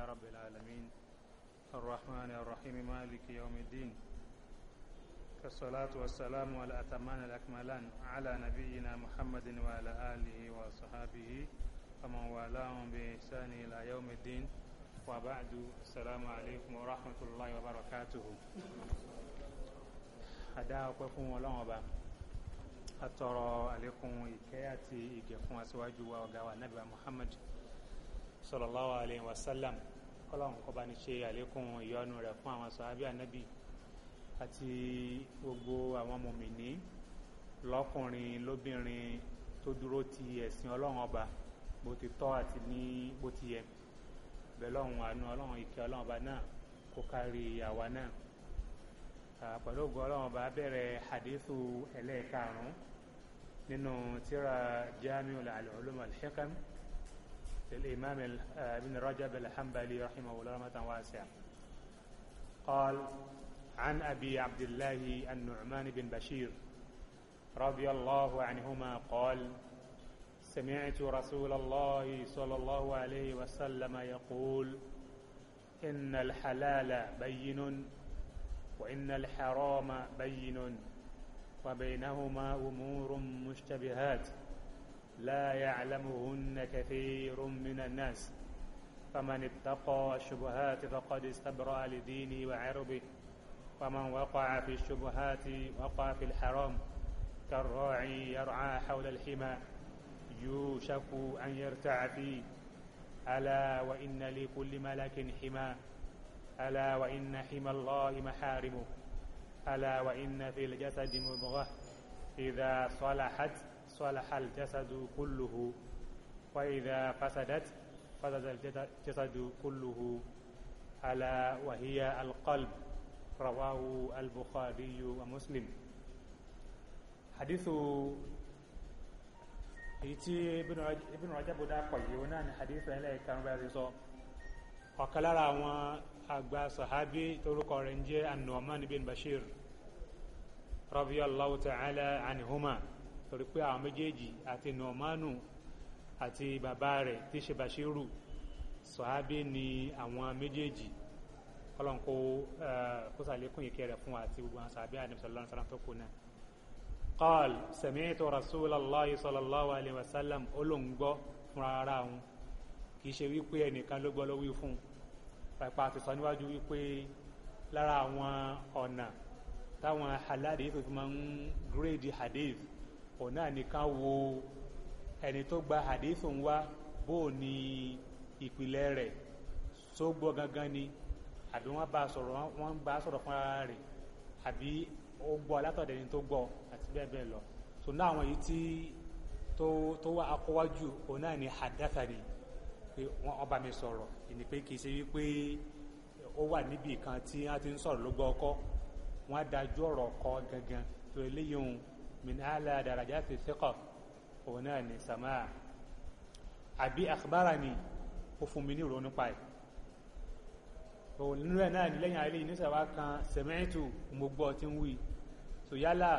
لله رب العالمين الرحمن الرحيم مالك يوم الدين الصلاة والسلام والأتمان الأكملان على نبينا محمد وعلى آله وصحابه ومن والاهم بإحسان إلى يوم الدين وبعد السلام عليكم ورحمة الله وبركاته أدعوكم فهم ولا أبا أترى عليكم إكياتي إكيفون أسواجوا وقوى نبي محمد صلى الله عليه وسلم kọ́lọ́hún kó bá ní ṣe àlékún ìyọ́nú rẹ̀ fún àwọn sàábì ànábì àti gbogbo àwọn mòmìnì lọ́kùnrin lóbìnrin tó dúró ti ẹ̀sìn ọlọ́run ọba bó ti tọ́ àti ní bó ti yẹ bẹ́ẹ̀ lọ́hùn àánú ọlọ́run ìkẹ́ ọlọ́run ọba náà kó kárí àwa náà pẹ̀lú ògùn ọlọ́run ọba bẹ̀rẹ̀ hadithu ẹlẹ́ẹ̀karùn-ún nínú tíra jamiu al-ulum al-hikam. al ulum للإمام آه، ابن رجب الحنبلي رحمه الله رحمة واسعة قال عن أبي عبد الله النعمان بن بشير رضي الله عنهما قال سمعت رسول الله صلى الله عليه وسلم يقول إن الحلال بين وإن الحرام بين وبينهما أمور مشتبهات لا يعلمهن كثير من الناس فمن اتقى الشبهات فقد استبرأ لدينه وعربه ومن وقع في الشبهات وقع في الحرام كالراعي يرعى حول الحمى يوشك أن يرتع فيه ألا وإن لكل ملك حمى ألا وإن حمى الله محارمه ألا وإن في الجسد مضغة إذا صلحت صلح الجسد كله وإذا فسدت فسد الجسد كله ألا وهي القلب رواه البخاري ومسلم حديث ìtí Ibn Rajab bó dápọ̀ yìí náà ni hadith ẹlẹ́ ìkarùnbá ti sọ ọ̀kan lára àwọn àgbà sahabi torúkọ rẹ̀ ń jẹ́ An-Nu'man bin Bashir radiyallahu ta'ala anhuma torí pé àwọn méjèèjì àti nọ̀mánù àti bàbá rẹ̀ tí ṣe bàṣírù sọ̀hábí ni àwọn méjèèjì kọ́lọ́n kó kó sàlékún ìkẹ́ rẹ̀ fún àti gbogbo àwọn sàbí àdìmọ̀ sọ̀lọ́n sọ̀lọ́n tó kù náà. qal sami'tu rasulallahi sallallahu alayhi wa sallam olóńgbọ́ fúnra ara òun kì í ṣe wípé ẹnìkan ló gbọ́ ló fún un pàpà àti sọ níwájú wípé lára àwọn ọ̀nà táwọn aládìí tó fi máa ń gírèdì hadith òun náà ni ká wo ẹni tó gba hadith ń wá bó o ní ìpìlẹ̀ rẹ̀ tó gbọ́ gangan ni àbí wọ́n bá sọ̀rọ̀ wọ́n bá sọ̀rọ̀ fún ara rẹ̀ àbí ó gbọ́ látọ̀dẹ̀ ni tó gbọ́ àti bẹ́ẹ̀ bẹ́ẹ̀ lọ so náà àwọn yìí tí tó tó wà akọ́wájú òun náà ni pé wọ́n ọba mi sọ̀rọ̀ ìní pé kì í ṣe wípé ó wà níbi kan tí wọ́n ti ń sọ̀rọ̀ ló gbọ́ ọkọ́ wọ́n á dájú ọ̀rọ̀ ọkọ gangan tó eléyìí من أعلى درجات الثقة هنا سماع أبي أخبرني وفمني ولون باي nínú ẹ̀ náà nílẹ̀ yàn eléyìí nísàwá kan sẹ̀mẹ́ǹtù mo gbọ́ tí ń wí so yálà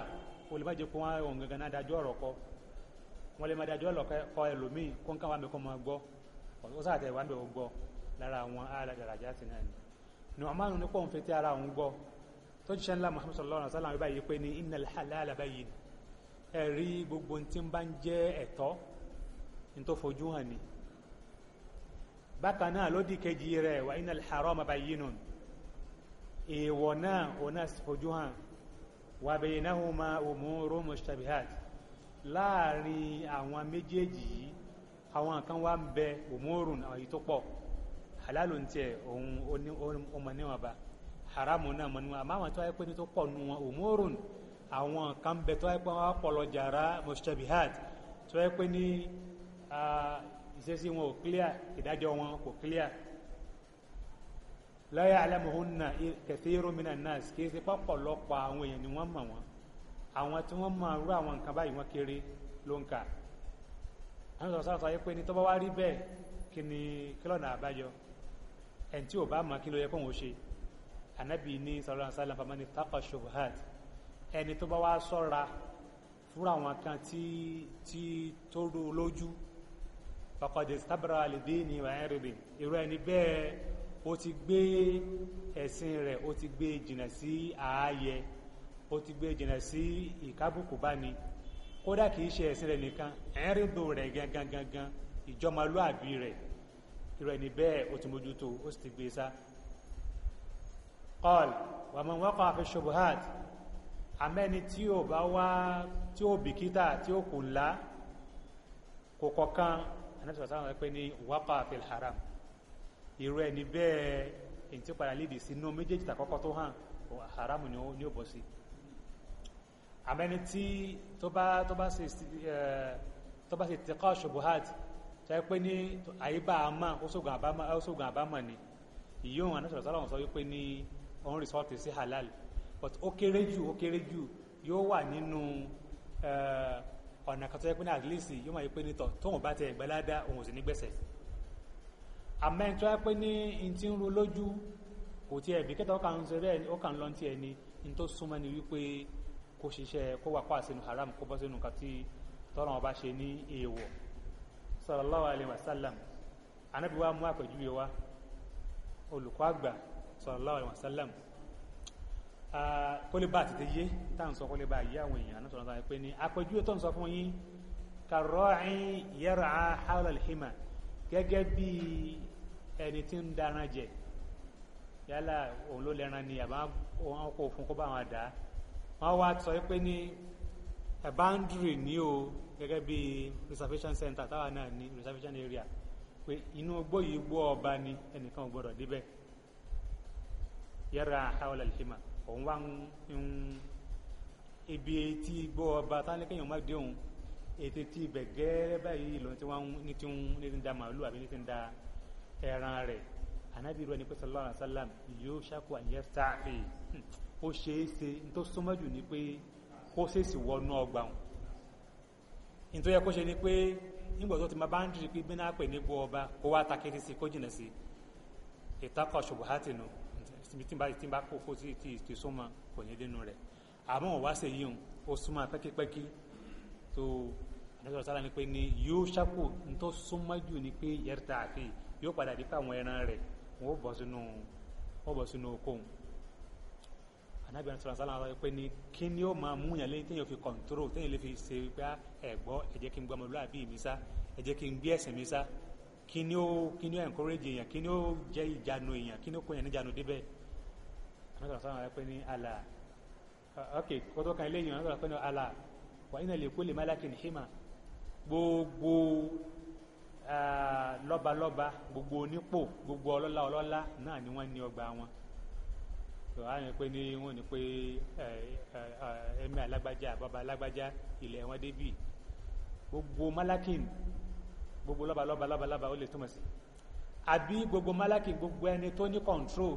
o lè má jẹ́ kó wọ́n ọ̀hún gangan náà dájọ́ ọ̀rọ̀ kọ́ wọ́n lè má dájọ́ ọ̀rọ̀ kọ́ ẹlòmíì kó ń ká wà mí kó máa gbọ́ ó sáà tẹ̀ wà mí ò gbọ́ lára àwọn aládàrájà ti náà ni ni wọ́n máa ń ní pọ̀ ń fetí ara òun gbọ́ tó jíṣẹ́ ńlá Muhammad sallallahu alaihi wasallam báyìí pé ní innal halala bayyin ẹ̀rí gbogbo tí ń bá ń jẹ́ ẹ̀tọ́ ní tó fojú hàn ni bákan náà lódì kejì rẹ̀ wà iná al-haram bayyinun èèwọ̀ náà òun náà fojú hàn wà baynahuma umuru mushtabihat láàrin àwọn méjèèjì yìí àwọn kan wá ń bẹ umurun àwọn yìí tó pọ̀ halalu ń tiẹ̀ òun ó mọ̀ níwọ̀nba haramu náà mọ̀ níwọ̀nba àmọ́ àwọn tó wáyé pé ní tó pọ̀ nù wọn umurun àwọn kan bẹ tó ẹpẹ́ wọn pọ̀lọ̀ jàrá mustabihat tó ẹpẹ́ ní ìṣesí wọn ò clear ìdájọ́ wọn kò clear la ya'lamuhunna kathirun minan nas kì í ṣe pọ̀pọ̀lọpọ̀ àwọn èèyàn ni wọ́n mọ̀ wọ́n àwọn tí wọ́n mọ̀ rú àwọn nǹkan báyìí wọ́n kéré ló ń kà àwọn sọ̀rọ̀ sọ̀rọ̀ pé ní tó bá wá rí bẹ́ẹ̀ kí ni kílọ̀nà àbáyọ ẹni tí ò bá mọ̀ kí ló yẹ kóhun ó ṣe ànábì ní sallallahu alaihi wasallam ẹni tó bá wá sọ́ra fúnra àwọn kan tí tí tó rú lójú fàkọ̀dé sábàrà àlèdè ní ìwàẹ́rẹ̀bẹ̀ irú ẹni bẹ́ẹ̀ ó ti gbé ẹ̀sìn rẹ̀ ó ti gbé jìnà sí ààyè ó ti gbé jìnà sí ìkábùkù bá ni kódà kìí ṣe ẹ̀sìn rẹ̀ nìkan ẹ̀rìndò rẹ̀ gangan gangan ìjọmọlúàbí rẹ̀ irú ẹni bẹ́ẹ̀ ó ti mójútó ó sì ti gbé e sá. qal wa man waqa amẹ́ni tí ò bá wá tí ò bìkítà tí ò kò ńlá kò kọ̀kan anábìsọ̀ sáwọn ẹ pé ní wákà fil haram irú ẹni bẹ́ẹ̀ èyí tí ó padà lédè sí inú méjèèjì tàkọ́kọ́ tó hàn haram ni ó bọ́ sí amẹ́ni tí tó bá tó bá ṣe tó bá ṣe tẹ́kọ́ ṣubuhat tó yẹ pé ní àyíbá àmà ó àbámọ̀ ni ìyóhun anábìsọ̀ sáwọn sọ wípé ní òun rìsọ́ọ̀tì sí halal but ó kéré jù ó kéré jù yóò wà nínú ọ̀nà kan tó yẹ pé ní at least yóò máa yẹ pé nítọ̀ tóun bá tẹ ẹ̀gbẹ́ ládá òun ò sì ní gbẹ̀sẹ̀ àmọ́ ẹni tó yẹ pé ní n ti ń ro lójú kò tiẹ̀ bí kẹta ó ń sọ ó kàn ń lọ ní tiẹ̀ ni n tó súnmọ́ ni wípé kó ṣiṣẹ́ kó wà kó àṣẹnu haram kó bọ́ sínú nǹkan tọ́lọ́ wọn bá ṣe ní èèwọ̀ sallallahu alaihi wasallam anábìwá mú àpèjúwe wa olùkọ́ àgbà sallallahu alaihi wasallam kó lè bá àtètè yé tá à ń sọ kó lè bá yé àwọn èèyàn náà tọ̀nà pé ní àpèjúwe tó ń sọ fún yín kàrọ́ọ̀ín yẹ́rọ hawla al-hima gẹ́gẹ́ bí ẹni tí ń dáná jẹ yálà òun ló lẹ́ran ni àbá wọn kò fún kó bá wọn dá wọn wá sọ pé ní a boundary ní o gẹ́gẹ́ bí reservation center táwa náà ní reservation area pé inú igbó yìí gbó ọba ni ẹnìkan ò gbọdọ̀ débẹ̀ yẹ́rọ hawla al-hima òun wá ń ibi tí igbó ọba táníkéyàn má dé òun ètè tí ibẹ̀ gẹ́rẹ́ báyìí tí wọ́n ní tí ń da màálù àbí ní tí ń da ẹran rẹ̀ pé wa yóò ṣàkó àyẹ tààfẹ ó ṣe é ṣe ní tó ni pé kó ṣèṣì wọnú ọgbà wọn ní tó yẹ kó ṣe ni pé nígbà tó ti máa bá ọba kó wá sí kó jìnà sí ìtakọ̀ tí n bá tí n bá kó kó tí tí tí súnmọ́ kò ní dénú rẹ̀ àmọ́ ò wá ṣe yìí hàn ó súnmọ́ pẹ́kípẹ́kí tó àdókòrò sára ni pé ni yóò ṣàkó ntọ́ súnmọ́ jù ni pé yẹrìtà àfi yóò padà dípẹ́ àwọn ẹran rẹ̀ wọ́n bọ̀ sínú wọ́n bọ̀ sínú okòwò anábìyàn sọ̀rọ̀ sálà wọ́n pé ni kí ni ó máa múyàn lẹ́yìn téèyàn fi kọ̀ǹtóró téèyàn lè fi ṣe pé ah, ẹ̀gbọ́ ẹ jẹ́ kí n gbọ́ ọmọlúwàbí mi sá ẹ jẹ́ kí n gbé ẹ̀sìn mi sá kí ni ó kí ni ó encourage èèyàn kí ni ó jẹ́ ìjánu èèyàn kí ni ó kó èèyàn níjánu débẹ̀ nígbà tó àwọn ẹ̀pẹ́ ní àlà ok kọ́tọ́ kan eléyìí nígbà tó ní àlà wà ní ilé kó lè málàkì ní hímà gbogbo lọ́balọ́ba gbogbo onípò gbogbo ọlọ́lá ọlọ́lá náà ni wọ́n ní ọgbà wọn tó àwọn ẹ̀pẹ́ ní wọ́n ní pé ẹ̀mí alágbájá bàbá alágbájá ilẹ̀ wọn débì gbogbo málàkì gbogbo lọ́balọ́ba lọ́balọ́ba ó lè túmọ̀ sí àbí gbogbo málàkì gbogbo ẹni tó ní control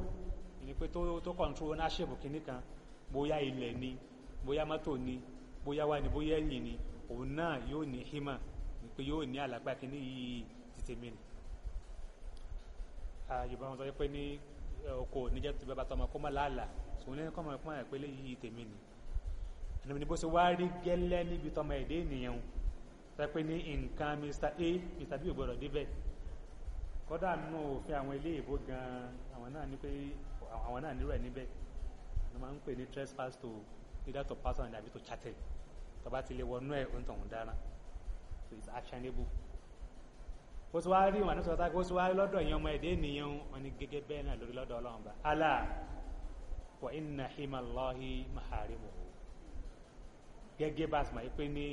ni pé tó control ownership kìíní kan bóyá ilẹ̀ ni bóyá mọ́tò ni bóyá wá ni bóyá ẹ̀yìn ni òun náà yóò ní hímà ni pé yóò ní àlágbá kìíní yìí títí mi ni. Ah, yorùbá wọn sọ pé ní oko níjẹ́ tó bá tọmọ kó má làálàá sòun lẹ́yìn kọ́mọ ẹ̀kọ́ ẹ̀ pé léyìí tèmi ni. ànàmì ni bó ṣe wá rí gẹ́lẹ́ níbi tọmọ ẹ̀dẹ́ ènìyàn sọ pé ní nǹkan Mr. A Mr. B ò gbọdọ̀ débẹ̀ kọ́dà nínú òfin àwọn ilé ìbò gan-an àwọn náà ní pé àwọn náà nírú ẹ̀ níbẹ̀ wọ́n máa ń pè ní trespass to either to person àbí to chattel tó bá ti lè wọnú ẹ̀ ó ń tọ̀hún dára so it's actionable ó ti wá rí wọn nítorí ọ̀tá ó ti wá rí lọ́dọ̀ ọmọ ẹ̀dẹ́ ènìyàn wọn ni gẹ́gẹ́ bẹ́ẹ̀ náà lórí lọ́dọ̀ ọlọ́run bá alá wa inna himallahi maharimuhu gẹ́gẹ́ bá a sì máa pé ní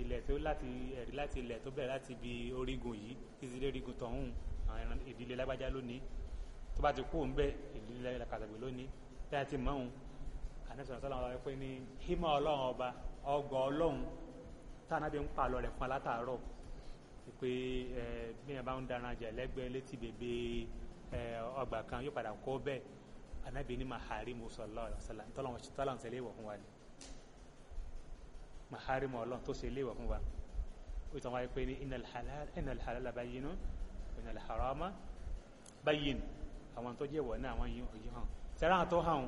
ilẹ̀ tó láti ẹ̀rí láti ilẹ̀ tó bẹ̀rẹ̀ láti ibi orígun yìí títí dé orígun tọ̀hún àwọn ìdílé lágbájá lónìí tó bá ti kú ń bẹ ìdílé ìlàkàtàgbè lónìí tí a ti mọ òun àníṣòro sọlá wọn pé ní hímọ Ọlọ́run ọba ọgọ Ọlọ́run tánàbí ń pàlọ rẹ fún alátàárọ pé ẹ bíyàn bá ń dara jẹ lẹ́gbẹ̀ẹ́ létí bèbè ẹ ọgbà kan yóò padà kó bẹ́ẹ̀ anabi ni mahari musala ọsàlà ntọ́lọ́wọ́n ṣe tọ́lọ́wọ́n ṣe léèwọ̀ fún wa ni mahari mọ tó ṣe léèwọ̀ fún wa ó sọ wáyé pé ní inal halal bayyinun inal àwọn tó jẹ́ wọ̀ náà àwọn yìí hàn sẹ́ráhàn tó hàn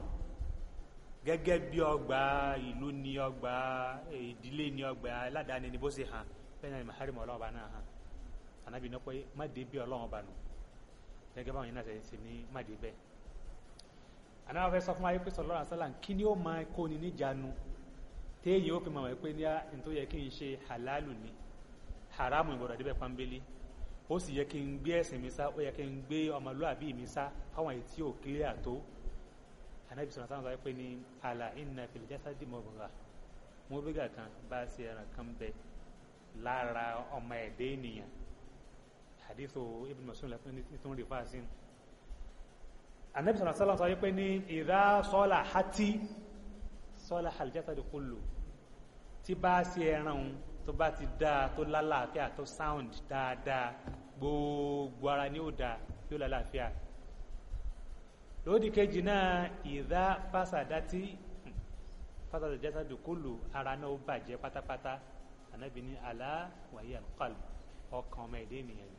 gẹ́gẹ́ bí ọgbà ìlú ni ọgbà ìdílé ni ọgbà aládàáni ni bó ṣe hàn bẹ́ẹ̀ náà ni maharimu ọlọ́run ọba náà hàn ànábì náà pé má dé bí ọlọ́run ọba nù gẹ́gẹ́ báwọn yìí náà ṣe ní má dé bẹ́ẹ̀ ànábì fẹ́ sọ fún ayé pé sọlọ́run asálàm kí ni ó máa kó ni níjànú téèyàn ó fi mọ̀ wípé ní à ń tó yẹ kí n ṣe hàlálù ni haramu ìgbọ̀dọ̀ débẹ̀ pàmbélé ó sì yẹ kí n gbé ẹ̀sìn mi sá ó yẹ kí n gbé ọmọlúàbí mi sá fáwọn èyí tí ò kílẹ̀ àtó anábì sọ̀rọ̀ sáwọn sọ pé ní àlà ìnà fìlìjásá dì mọ́ bùrà mo bí gàkan bá ṣe ẹran kan bẹ lára ọmọ ẹ̀dẹ́ ènìyàn àdìsọ Ibn Mas'ud lẹ́fún nítorí rí fásin anábì sọ̀rọ̀ sáwọn sọ pé ní ìdá sọ́là hátí sọ́là àlìjásá dì tí bá ṣe ẹran tó bá ti dáa tó lálàáfíà tó sound dáadáa gbogbo ara ni ó dáa yóò lálàáfíà lódì kejì náà ìdá fásadátì fásadà jásádù kúlù ara náà ó bàjẹ́ pátápátá ànábì ní àlá wàyí àlùkàlù ọkàn ọmọ ẹ̀dẹ́ ènìyàn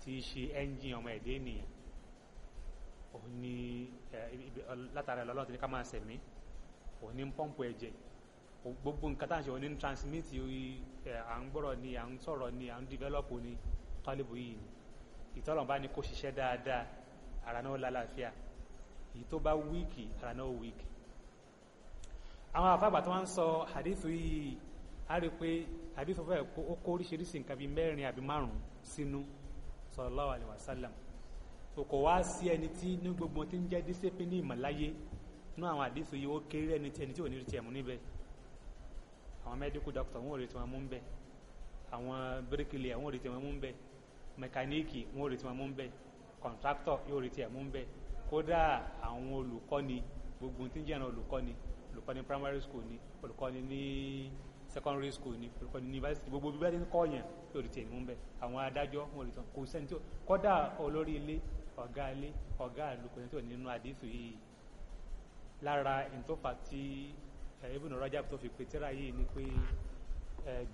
tí í ṣe ẹ́ńjìn ọmọ ẹ̀dẹ́ ènìyàn òun ni látara ìlọ́lọ́tì ní ká máa sẹ̀mí òun ni ń pọ́ǹpù gbogbo nǹkan tá à ń ṣe wọn ní transmit à ń gbọ́rọ̀ ni à ń sọ̀rọ̀ ni à ń develop ni tọ́lẹ̀bù yìí ni ìtọ́lọ̀nba ni kò ṣiṣẹ́ dáadáa ara náà lálàáfíà èyí tó bá wíìkì ara náà wíìkì àwọn àfàgbà tó wá ń sọ hadithu yìí a rí pé hadithu fẹ́ ó kó oríṣiríṣi nǹkan bíi mẹ́rin àbí márùn-ún sínú sallallahu alaihi wasallam kò wá sí ẹni tí ní gbogbo tí ń jẹ́ discipline ìmọ̀láyé nú àwọn hadithu yìí ó kéré ẹni tí ẹni tí ò ní rí tiẹ̀ mú níbẹ̀ àwọn medical doctor wọn ò retí wọn mú ń bẹ àwọn bricklayer wọn ò retí wọn mú bẹ mẹkáníìkì wọn ò retí wọn mú bẹ contractor yóò retí ẹ mú ń bẹ kódà àwọn olùkọ́ni gbogbo tí ń jẹ́ àwọn olùkọ́ni olùkọ́ni primary school ni olùkọ́ni ní secondary school ni olùkọ́ni ní university gbogbo bí bá ti ń kọ́ yẹn yóò retí ẹ mú ń bẹ àwọn adájọ́ wọn ò retí wọn kò sẹ́ni tó kódà olórí ilé ọ̀gá ilé ọ̀gá àlùkò yẹn tó nínú àdéhùn yìí lára ìtòfà tí Ibn Rajab tó fi pètèrà yìí ni pé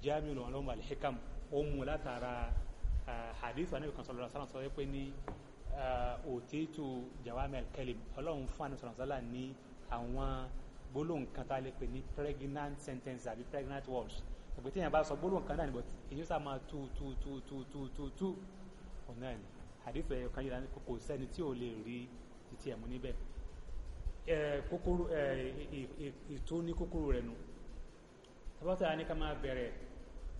jamiu náà lọ́mọ alhikam ó mú látara hadith anabi kan sọlọ́dọ̀ sọ́nà sọ́dọ̀ pé ní òtítù jawami alkalim ọlọ́run fún anabi sọ̀rọ̀ sọ́lá ní àwọn gbólóhùn kan tá a lè pè ní pregnant sentence àbí pregnant words òpè tí èèyàn bá sọ gbólóhùn kan náà ni but èyí sá máa tu tu tu tu tu tu tu ọ̀nà ẹ̀ hadith ẹ̀ kan yìí lánàá kò sẹ́ni tí ò lè rí títí ẹ̀ mú níbẹ̀ kúkúrú ìtú ní kúkúrú rẹ̀ nù tàbátà ní ká máa bẹ̀rẹ̀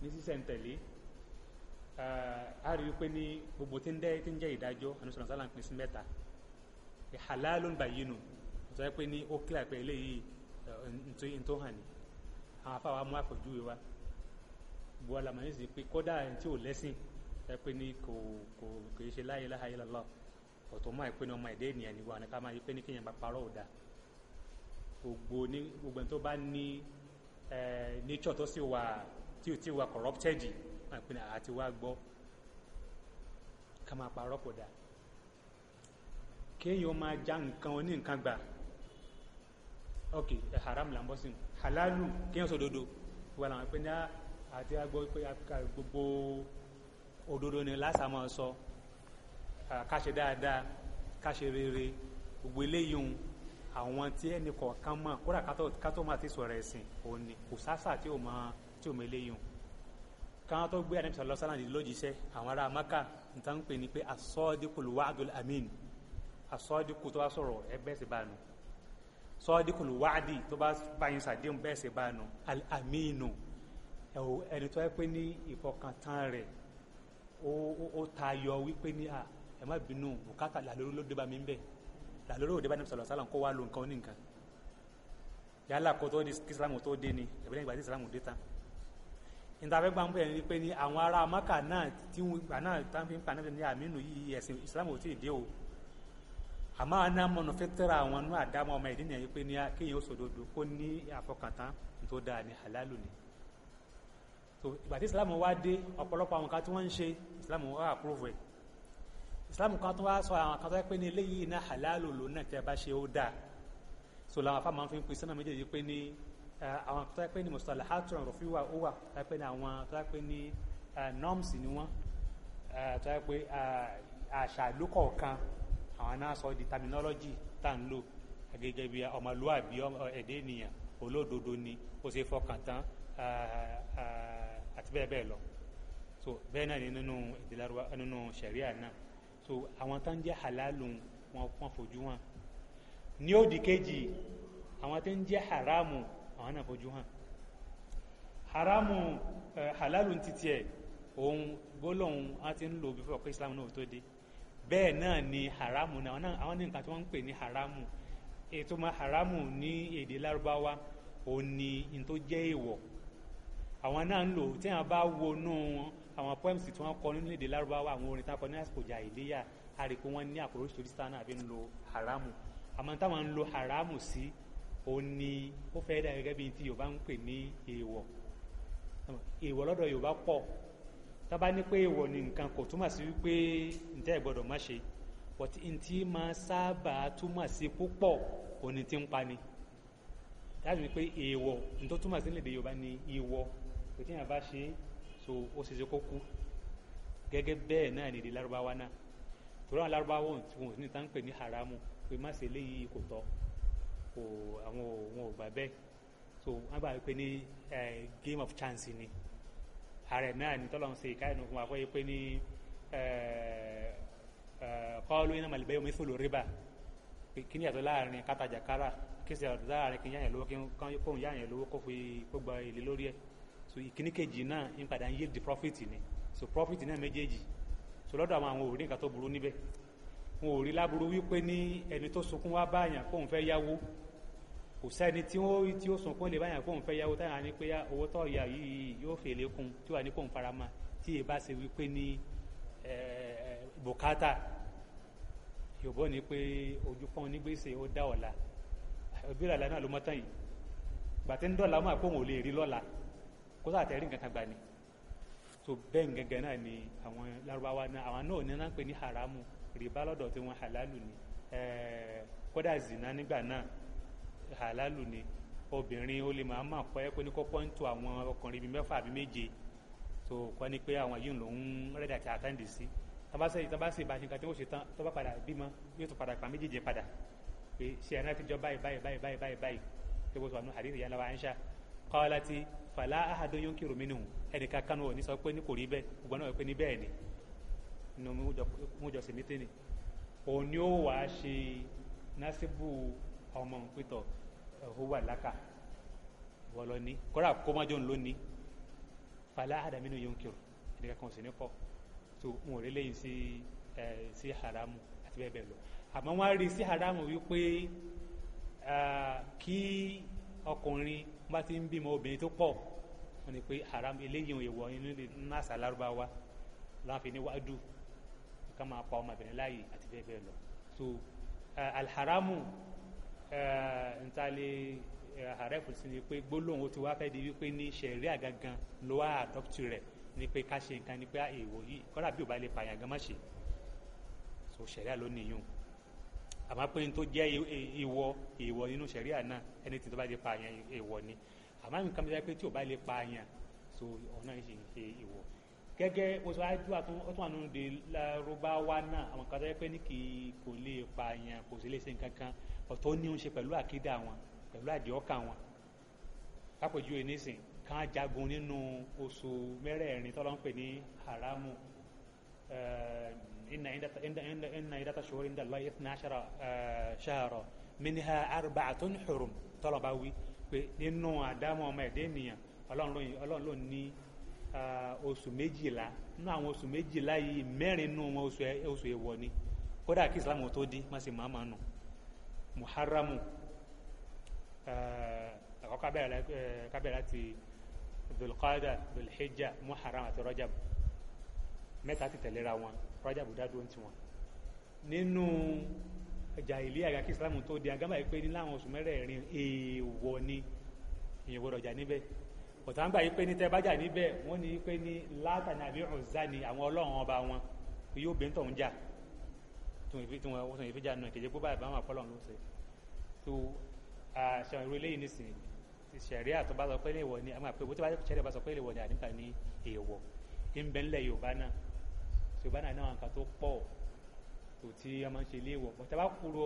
ní sísẹ̀ntẹ̀lé a rí wípé ní gbogbo tí ń dẹ́ tí ń jẹ́ ìdájọ́ anúsọ̀rọ̀ sálà ń pín sí mẹ́ta halalun bayyinun sọ pé ní ó kílà pé eléyìí tó hàn ní àwọn afáwa mú àpèjúwe wa gbogbo alamọ̀ yìí sì pé kódà tí ò lẹ́sìn ẹ pé ní kò kò kò ṣe la ilaha illallah ọ̀tọ̀ máa pé ní ọmọ ẹ̀dẹ́ ènìyàn níwọ̀n ní ká máa yí pé ní kéèyàn bá parọ́ ọ̀dà gbogbo ní gbogbo ẹni tó bá ní ẹ nature tó sì wà tí ò tí wà corrupted máa àti wá gbọ́ ká máa parọ́ kò kéèyàn máa já nǹkan oní nǹkan gbà ok haram là ń bọ́ sí i halalu kéèyàn sọ òdodo wà láwọn pé ní àti àgbọ̀ pé gbogbo òdodo ni lásà máa sọ. So ká ṣe dáadáa ká ṣe rere gbogbo eléyìí òun àwọn tí ẹnì kọ̀ọ̀kan mọ̀ kódà ká tó máa ti sọ̀rọ̀ ẹ̀sìn òun ni kò sásà tí ò mọ tí ò mọ eléyìí òun káwọn tó gbé àdébísọ̀ lọ sálàndì lójíṣẹ́ àwọn ará maka n ta ń pè ní pé asọ́díkùlù wàdùl amin asọ́díkù tó bá sọ̀rọ̀ ẹgbẹ́ sì bá nu sọ́díkùlù wàdì tó bá báyìí sàdéhùn bẹ́ẹ̀ sì bá nu aminu ẹni tó yẹ pé ní ìfọkàntán rẹ̀ ó tayọ wípé ní à ẹ má bínú bùkátà làlóró ló dé bá mi ń bẹ̀ làlóró òde bá ní sọ̀rọ̀ sálàm kó wá lo nǹkan ó ní nǹkan yálà kó tó di kí sálàmù tó dé ni ẹ̀bí lẹ́yìn ìgbà tí sálàmù dé tán ìtafẹ́ gbà ń bẹ̀ ni pé ni àwọn ará maka náà tí wọn gbà náà tán fi ń pa náà ní àmínú yìí ẹ̀sìn ìsìlámù ò tí ì dé o àmọ́ àná mọ̀nà fẹ́ tẹ́ra àwọn inú àdámọ́ ọmọ ìdí nìyẹn pé ní kéèyàn sòdodo kó ní àfọkàntán tó dáa ní halalu ni so ìgbà tí ìsìlámù wá dé ọ̀pọ̀lọpọ̀ àwọn kan tí wọ́n ń ṣe ìsìlámù wá àpúròfù ẹ̀ islam kan tó wá sọ àwọn kan tó yẹ pé ní eléyìí iná halálò lónà tẹ bá ṣe ó dáa so làwọn afá máa ń fi pin sọ́nà méjèèjì pé ní àwọn tó yẹ pé ní mustalahatun rufiwa ó wà tó yẹ pé ní àwọn tó yẹ pé ní norms ni wọ́n tó yẹ pé àṣà ìlú àwọn náà sọ di terminology tá à ń lò gẹ́gẹ́ bí ọmọlúwàbí ẹ̀dẹ́ ènìyàn olódodo ni ó ṣe fọkàn tán àti bẹ́ẹ̀ bẹ́ẹ̀ lọ so bẹ́ẹ̀ náà ni nínú ìdílárúwá nínú ṣẹ̀ríà náà so àwọn tó ń jẹ́ halalu wọn kàn fojú hàn ní òdì kejì àwọn tó ń jẹ́ haramu àwọn náà fojú hàn haramu eh, halalu títí ẹ̀ òun gbólóhùn á ti ń lò bí fọ́ pé islam náà tó dé bẹ́ẹ̀ náà ni haramu náà àwọn ní nǹkan tí wọ́n ń pè ní haramu ètò ma haramu ní èdè lárúbáwá òun ni n tó jẹ́ èèwọ̀ àwọn náà ń lò tí wọ́n bá wọnú wọn àwọn poems tí wọ́n kọ nínú èdè lárúbáwá àwọn orin tá a kọ ní àsìkò jà ìléyà a rí ní àpòrò oríṣiríṣi àbí ń lo haramu àmọ́ táwọn ń lo haramu sí ó ní ó fẹ́ dà gẹ́gẹ́ bí ti Yorùbá ń pè ní èèwọ̀ èèwọ̀ lọ́dọ̀ Yorùbá pọ̀ tábà ní pé èèwọ̀ ni nǹkan kò túmọ̀ sí wípé ǹtẹ́ ìgbọ́dọ̀ má ṣe but ntí máa sábà túmọ̀ sí púpọ̀ òní ti ń pani láti pé èèwọ̀ ntó túmọ̀ sí lédè Yorùbá ni ìwọ kò tí yàn bá ṣe é so ó ṣe ṣe kó kú gẹ́gẹ́ bẹ́ẹ̀ náà ní èdè lárúbáwá náà torí àwọn lárúbáwá wọn ò ní tán pè ní haramu pé má ṣe léyìí kò tọ́ kò àwọn òun ò gbà bẹ́ẹ̀ so wọ́n gbà pé ní game of chance ni ààrẹ náà ní tọ́lọ́run ṣe ìkáyọ̀ nù fún wa kó yẹ pé ní kọ́ọ́lù iná màlìbẹ́ omi fòlò rìbá kí ni yàtọ̀ láàrin kátàjà kí sì yàtọ̀ láàrin kí yáyàn lówó kí kóhùn yáyàn lówó kó fi kó èlé lórí ẹ̀ so ìkíní kejì náà ń padà ń yield profit ni so profit náà méjèèjì so lọ́dọ̀ àwọn àwọn òrí nǹkan tó burú níbẹ̀ wọn ò rí láburú wípé ní ẹni tó sunkún wá báyàn kóun fẹ́ yáwó kò sẹ́ni tí ó tí ó sunkún lè báyàn kóun fẹ́ yáwó táyà ní pé owó tó yà yìí yóò fèlè kún tí wà ní kóun farama tí èyí bá ṣe wípé ní bùkátà yòbọ́ ni pé ojú pọ́n nígbèsè ó dá ọ̀la òbí làlá náà ló mọ́ tán yìí gbàtí ń dọ̀la ó mà kóun ò lè rí lọ́la kó sáà tẹ̀rí nǹkan kan gbà ni so bẹ́ẹ̀ gẹ́gẹ́ náà ni àwọn Lárúbáwá náà àwọn náà ní náà ń pè ní haramu rìbá lọ́dọ̀ tí wọ́n halalu ni kódà zina nígbà náà halalu ni obìnrin ó lè máa máa kọ́ ẹ́ pé ní kọ́kọ́ ń to àwọn ọkùnrin bíi mẹ́fà àbí méje so kọ́ ni pé àwọn yìí ló ń rẹ́dà tí a tán dì sí tabasẹ́ yìí tabasẹ́ ìbáṣe nǹkan tí wọ́n ṣe tán tó bá padà bímọ yóò tún padà pa méjèèjì padà pé ṣé ẹ̀ ti jọ báyìí báyìí báyìí báyìí báyìí báyìí tó bó sọ àánú àdéhùn ìyá wa ń ṣá kọ́láti fàlà ahadó yunkiru minhu ẹnìkan kánú òní sọ pé ní kò rí bẹ́ẹ̀ gbogbo náà pé ní bẹ́ẹ̀ ni nínú wa mítínì òun ni ó wàá ṣe násìbù ọmọ pítọ̀ ẹ̀hó wà lọ ní kọ́ra kó má jọ ń kan sì ní kọ́ tó wọn wọ́n bá ti ń bímọ obìnrin tó pọ̀ wọ́n ní pé haram eléyìí òun èèwọ̀ inú nínú àṣà lárúbáwá láàfin níwájú ká máa pa ọmọbìnrin láàyè àti bẹ́ẹ̀ bẹ́ẹ̀ lọ so eh, alharamu eh, ntaale eh, àrẹ́fù sí ni pé gbólóhùn tí wàá fẹ́ di wípé ní sẹ̀ríà gangan ló wá àdọ́pútù rẹ̀ ni pé ká ṣe nǹkan ni pé ah, èèwọ̀ yìí kọ́dà bí ò bá lè pààyàn gan má ṣe so sẹ̀ríà ló nìyún àmọ́ pé tó jẹ́ ìwọ ìwọ nínú sẹ̀ríà náà ẹni tí tó bá lè pa àyàn ìwọ ni àmọ́ àmì kan bí wọ́n pé tí ò bá lè pa àyàn so ọ̀nà yìí ṣe ń ṣe ìwọ. gẹ́gẹ́ oṣù àjọ àtúntò àánú de Lárúbáwá náà àwọn kan tó yẹ pé ní kì í kò lè pa àyàn kò sì lè ṣe nǹkan kan ọ̀tọ̀ ní oṣù pẹ̀lú àkídà wọn pẹ̀lú àdìọ́kà wọn lápòjú ẹnìsìn kan jagun nínú oṣù mẹ́rẹ̀ẹ̀rin haramu eh, إن عند إن إن إن عدة الشهور عند الله 12 شهرا منها أربعة حرم طلباوي nínú àdámọ̀ ọmọ ẹ̀dẹ́ ènìyàn ọlọ́run ló ní oṣù méjìlá nínú àwọn oṣù méjìlá yìí mẹ́rin nínú wọn oṣù èèwọ̀ ni kódà kí islam tó dín má sì máa máa nù muharramu àkọ́kọ́ kábẹ̀rẹ̀ láti dulqada dulhijja muharram àti rajab mẹ́ta ti tẹ̀léra wọn Rajabu dá dúró tiwọn nínú jàhílì àgbà kí Islam tó di agama yìí pé ní láwọn oṣù mẹ́rẹ̀ẹ̀rin èèwọ̀ ni èèyàn gbọ́dọ̀ jà níbẹ̀ ọ̀tá yìí pé ní tẹ́ bá jà níbẹ̀ wọ́n pé ní Láàtà àbí Uzza ni àwọn ọlọ́run ọba wọn yóò bẹ́ẹ̀ tọ̀hún jà tí wọ́n sọ yìí fi jà nù kèjé gbọ́bà àbáwọn àpọ́lọ̀ ló ṣe tó àṣà ìrú eléyìí nìsín ṣẹ̀rí àtọ́ bá sọ pé ní èèwọ̀ ni àwọn àpẹẹwò tí wọ́n bá sọ pé ní èèwọ̀ ni àníkà ṣùgbọ́n náà nǹkan tó pọ̀ tó tí wọ́n máa ń ṣe léèwọ̀ bọ̀tẹ́ bá kúrò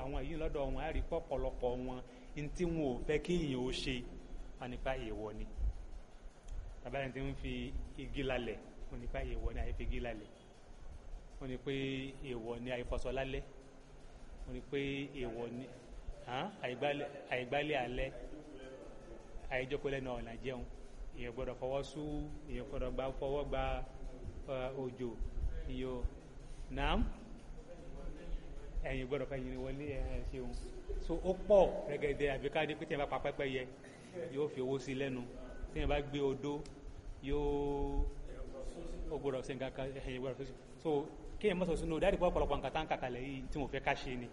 àwọn yìí lọ́dọ̀ wọn á rí pọ̀pọ̀lọpọ̀ wọn ní tí wọn ò fẹ́ kí èèyàn ó ṣe wọn nípa èèwọ̀ ni tàbí ẹni tí ń fi igi lálẹ̀ wọn nípa èèwọ̀ ni àyẹ̀fẹ́ igi lálẹ̀ wọ́n ní pé èèwọ̀ ni àìfọṣọ lálẹ́ wọ́n ní pé èèwọ̀ ni àìgbálẹ̀ alẹ́ àìjọpẹ́lẹ́ náà ọ̀nà jẹun èèyàn gbọ́dọ̀ fọwọ́ sú èèyàn gbọ́dọ̀ fọwọ́ gba òjò iyo naam ẹ̀yin gbọ́dọ̀ fẹ́ yin wọlé ẹ̀ ṣeun so ó pọ̀ rẹ̀gẹ̀dẹ̀ àbíkáde pé tẹ̀yìn bá pa pẹ́pẹ́ yẹ yóò fi owó sí lẹ́nu tẹ̀yìn bá gbé odó yóò ó gbọ́dọ̀ sí nǹkan kan ẹ̀yin gbọ́dọ̀ sí so kéèyàn mọ́sọ̀ sínú dáàdì pọ̀ ọ̀pọ̀lọpọ̀ nǹkan tá ń kàkàlẹ̀ yìí tí mo fẹ́ ká ṣe ni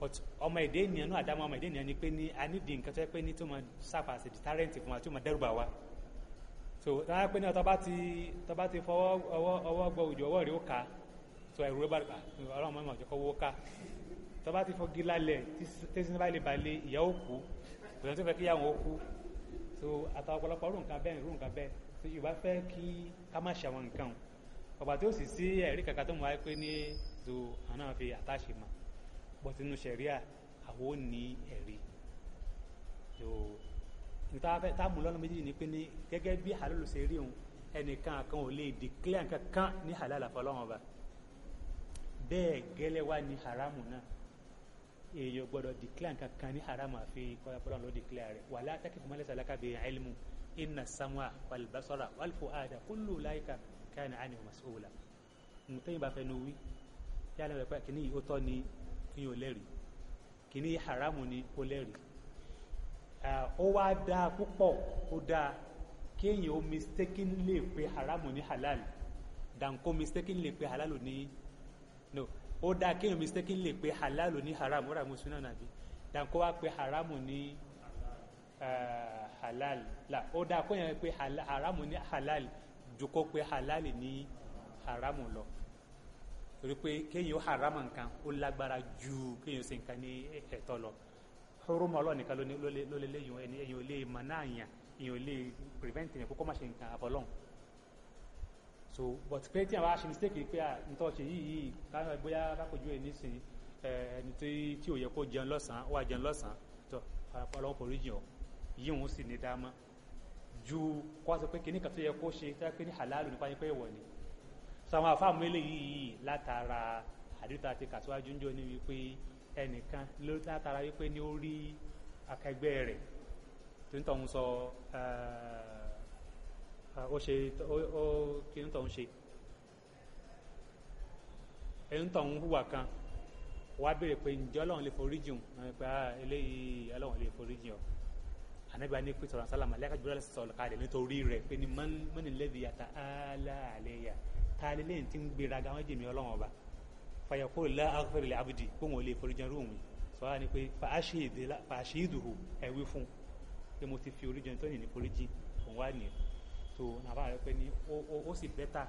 but ọmọ èdè ènìyàn náà àdámọ́ ọmọ èdè ènìyàn ni pé ní a nídìí nǹkan tó yẹ pé ní tó máa sáfà sí deterrent fún wa tó máa dẹ́rù bà wá so táwọn pé náà tọba ti tọba ti fọwọ́ ọwọ́ ọwọ́ gbọ́ òjò ọwọ́ rẹ̀ ó ká so ẹ̀rù rẹ̀ bá rà ọlọ́run mọ́ ìmọ̀jọ́ kọ́wọ́ ká tọba ti fọ́gi lálẹ̀ tẹ́sí bá lè balẹ̀ ìyá ó kú kò sẹ́ni tó kí ìyá ó kú so àtàwọn ọ̀pọ̀lọpọ̀ rú nǹkan bẹ́ẹ̀ rú nǹkan bẹ́ẹ̀ so Yorùbá fẹ́ kí ká má ṣàwọn nǹkan ọ̀gbà tó sì sí ẹ̀rí kàkà tó mú wáyé pé ní so àná fi àtàṣe mà bọ́sínú ṣẹ̀ríà àwọn ò ní ẹ̀rí so táàmù lọ́nà méjì ni pé ní gẹ́gẹ́ bí halal ṣe rí òun ẹnìkan kan ò lè declare nǹkan kan ní halal àfọlọ́wọn ọba bẹ́ẹ̀ gẹ́lẹ́ wá ní haramu náà èèyàn gbọ́dọ̀ declare nǹkan kan ní haramu àfi kọ́lápọ́lọ́wọn ló declare rẹ̀ wala taqifu ma laysa laka bi ilmu inna sam'a wal basara wal fu'ada kullu ulaika kana anhu mas'ula nǹkan bá fẹnu wí yálẹ̀ rẹ̀ pé kìíní yìí ó tọ́ ni kìíní ò lẹ́rìí kìíní haramu ni ó lẹ́rìí ó wá dáa púpọ̀ ó dáa kéèyàn ó mistaken lè haramu ní halal dànkó mistaken lè pe halal ní no ó dáa kéèyàn mistaken lè halal ní haramu rà mùsùlùmí náà nàbí dànkó wá pe haramu ní halal la ó dáa kéèyàn pe haramu ní halal ju kó halal ní haramu lọ torí pé kéèyàn ó haramu nǹkan ó lágbára ju kéèyàn ó ṣe nǹkan ní ẹ̀tọ́ lọ huruma ọlọ́ọ̀ nìkan ló lé léyìn ẹni èyàn ò lè mọ̀ náà yàn èyàn ò lè prevent yàn kó kọ́ má ṣe nǹkan àbọ̀lọ́n so but pé tí àwọn aṣe mistake pé à ń tọ́ ṣe yìí yìí káwọn bóyá lápòjú ẹ̀ nísìnyí ẹni tí ò yẹ kó jẹun lọ́sàn-án wà jẹun lọ́sàn-án tọ́ ọlọ́wọ́ forí jìn ọ́ yìí òun sì ní dáa mọ́ ju kó wá sọ pé kíní kan tó yẹ kó ṣe tó yẹ pé ní halalu nípa yín pé ìwọ ni so àwọn àfáàmú eléyìí látara àdìtà àti kàtíwájú ń jọ ní wípé ẹnìkan ló látara wípé ni ó rí akẹgbẹ́ rẹ̀ tó ń tọ̀hún sọ ó ṣe ó kí ń tọ̀hún ṣe ẹ̀yìn tọ̀hún hùwà kan wàá béèrè pé ǹjẹ́ ọlọ́run lè forí jìn ọ́n ah, eléyìí ọlọ́run lè forí jìn ọ́ anabiwa ni pe sọ̀rọ̀ sálàmù alẹ́ lọ́sẹ̀ sọ̀rọ̀ kalẹ̀ nítorí rẹ̀ pé ni mọ́nìlẹ́bi yàtà áálà àlẹ́yà tá tí ń gbéraga wọ́n jèmi ọlọ́run ọba fàyàkó la aghfir li abdi pé wọn lè foríjìn rúùn mi sọ wá ní pé fàṣídùhù ẹ̀wí fún pé mo ti fi oríjìn tó ní ní foríjìn òun wá nìyẹn tó nàbà rẹ pé ní ó sì bẹ́tà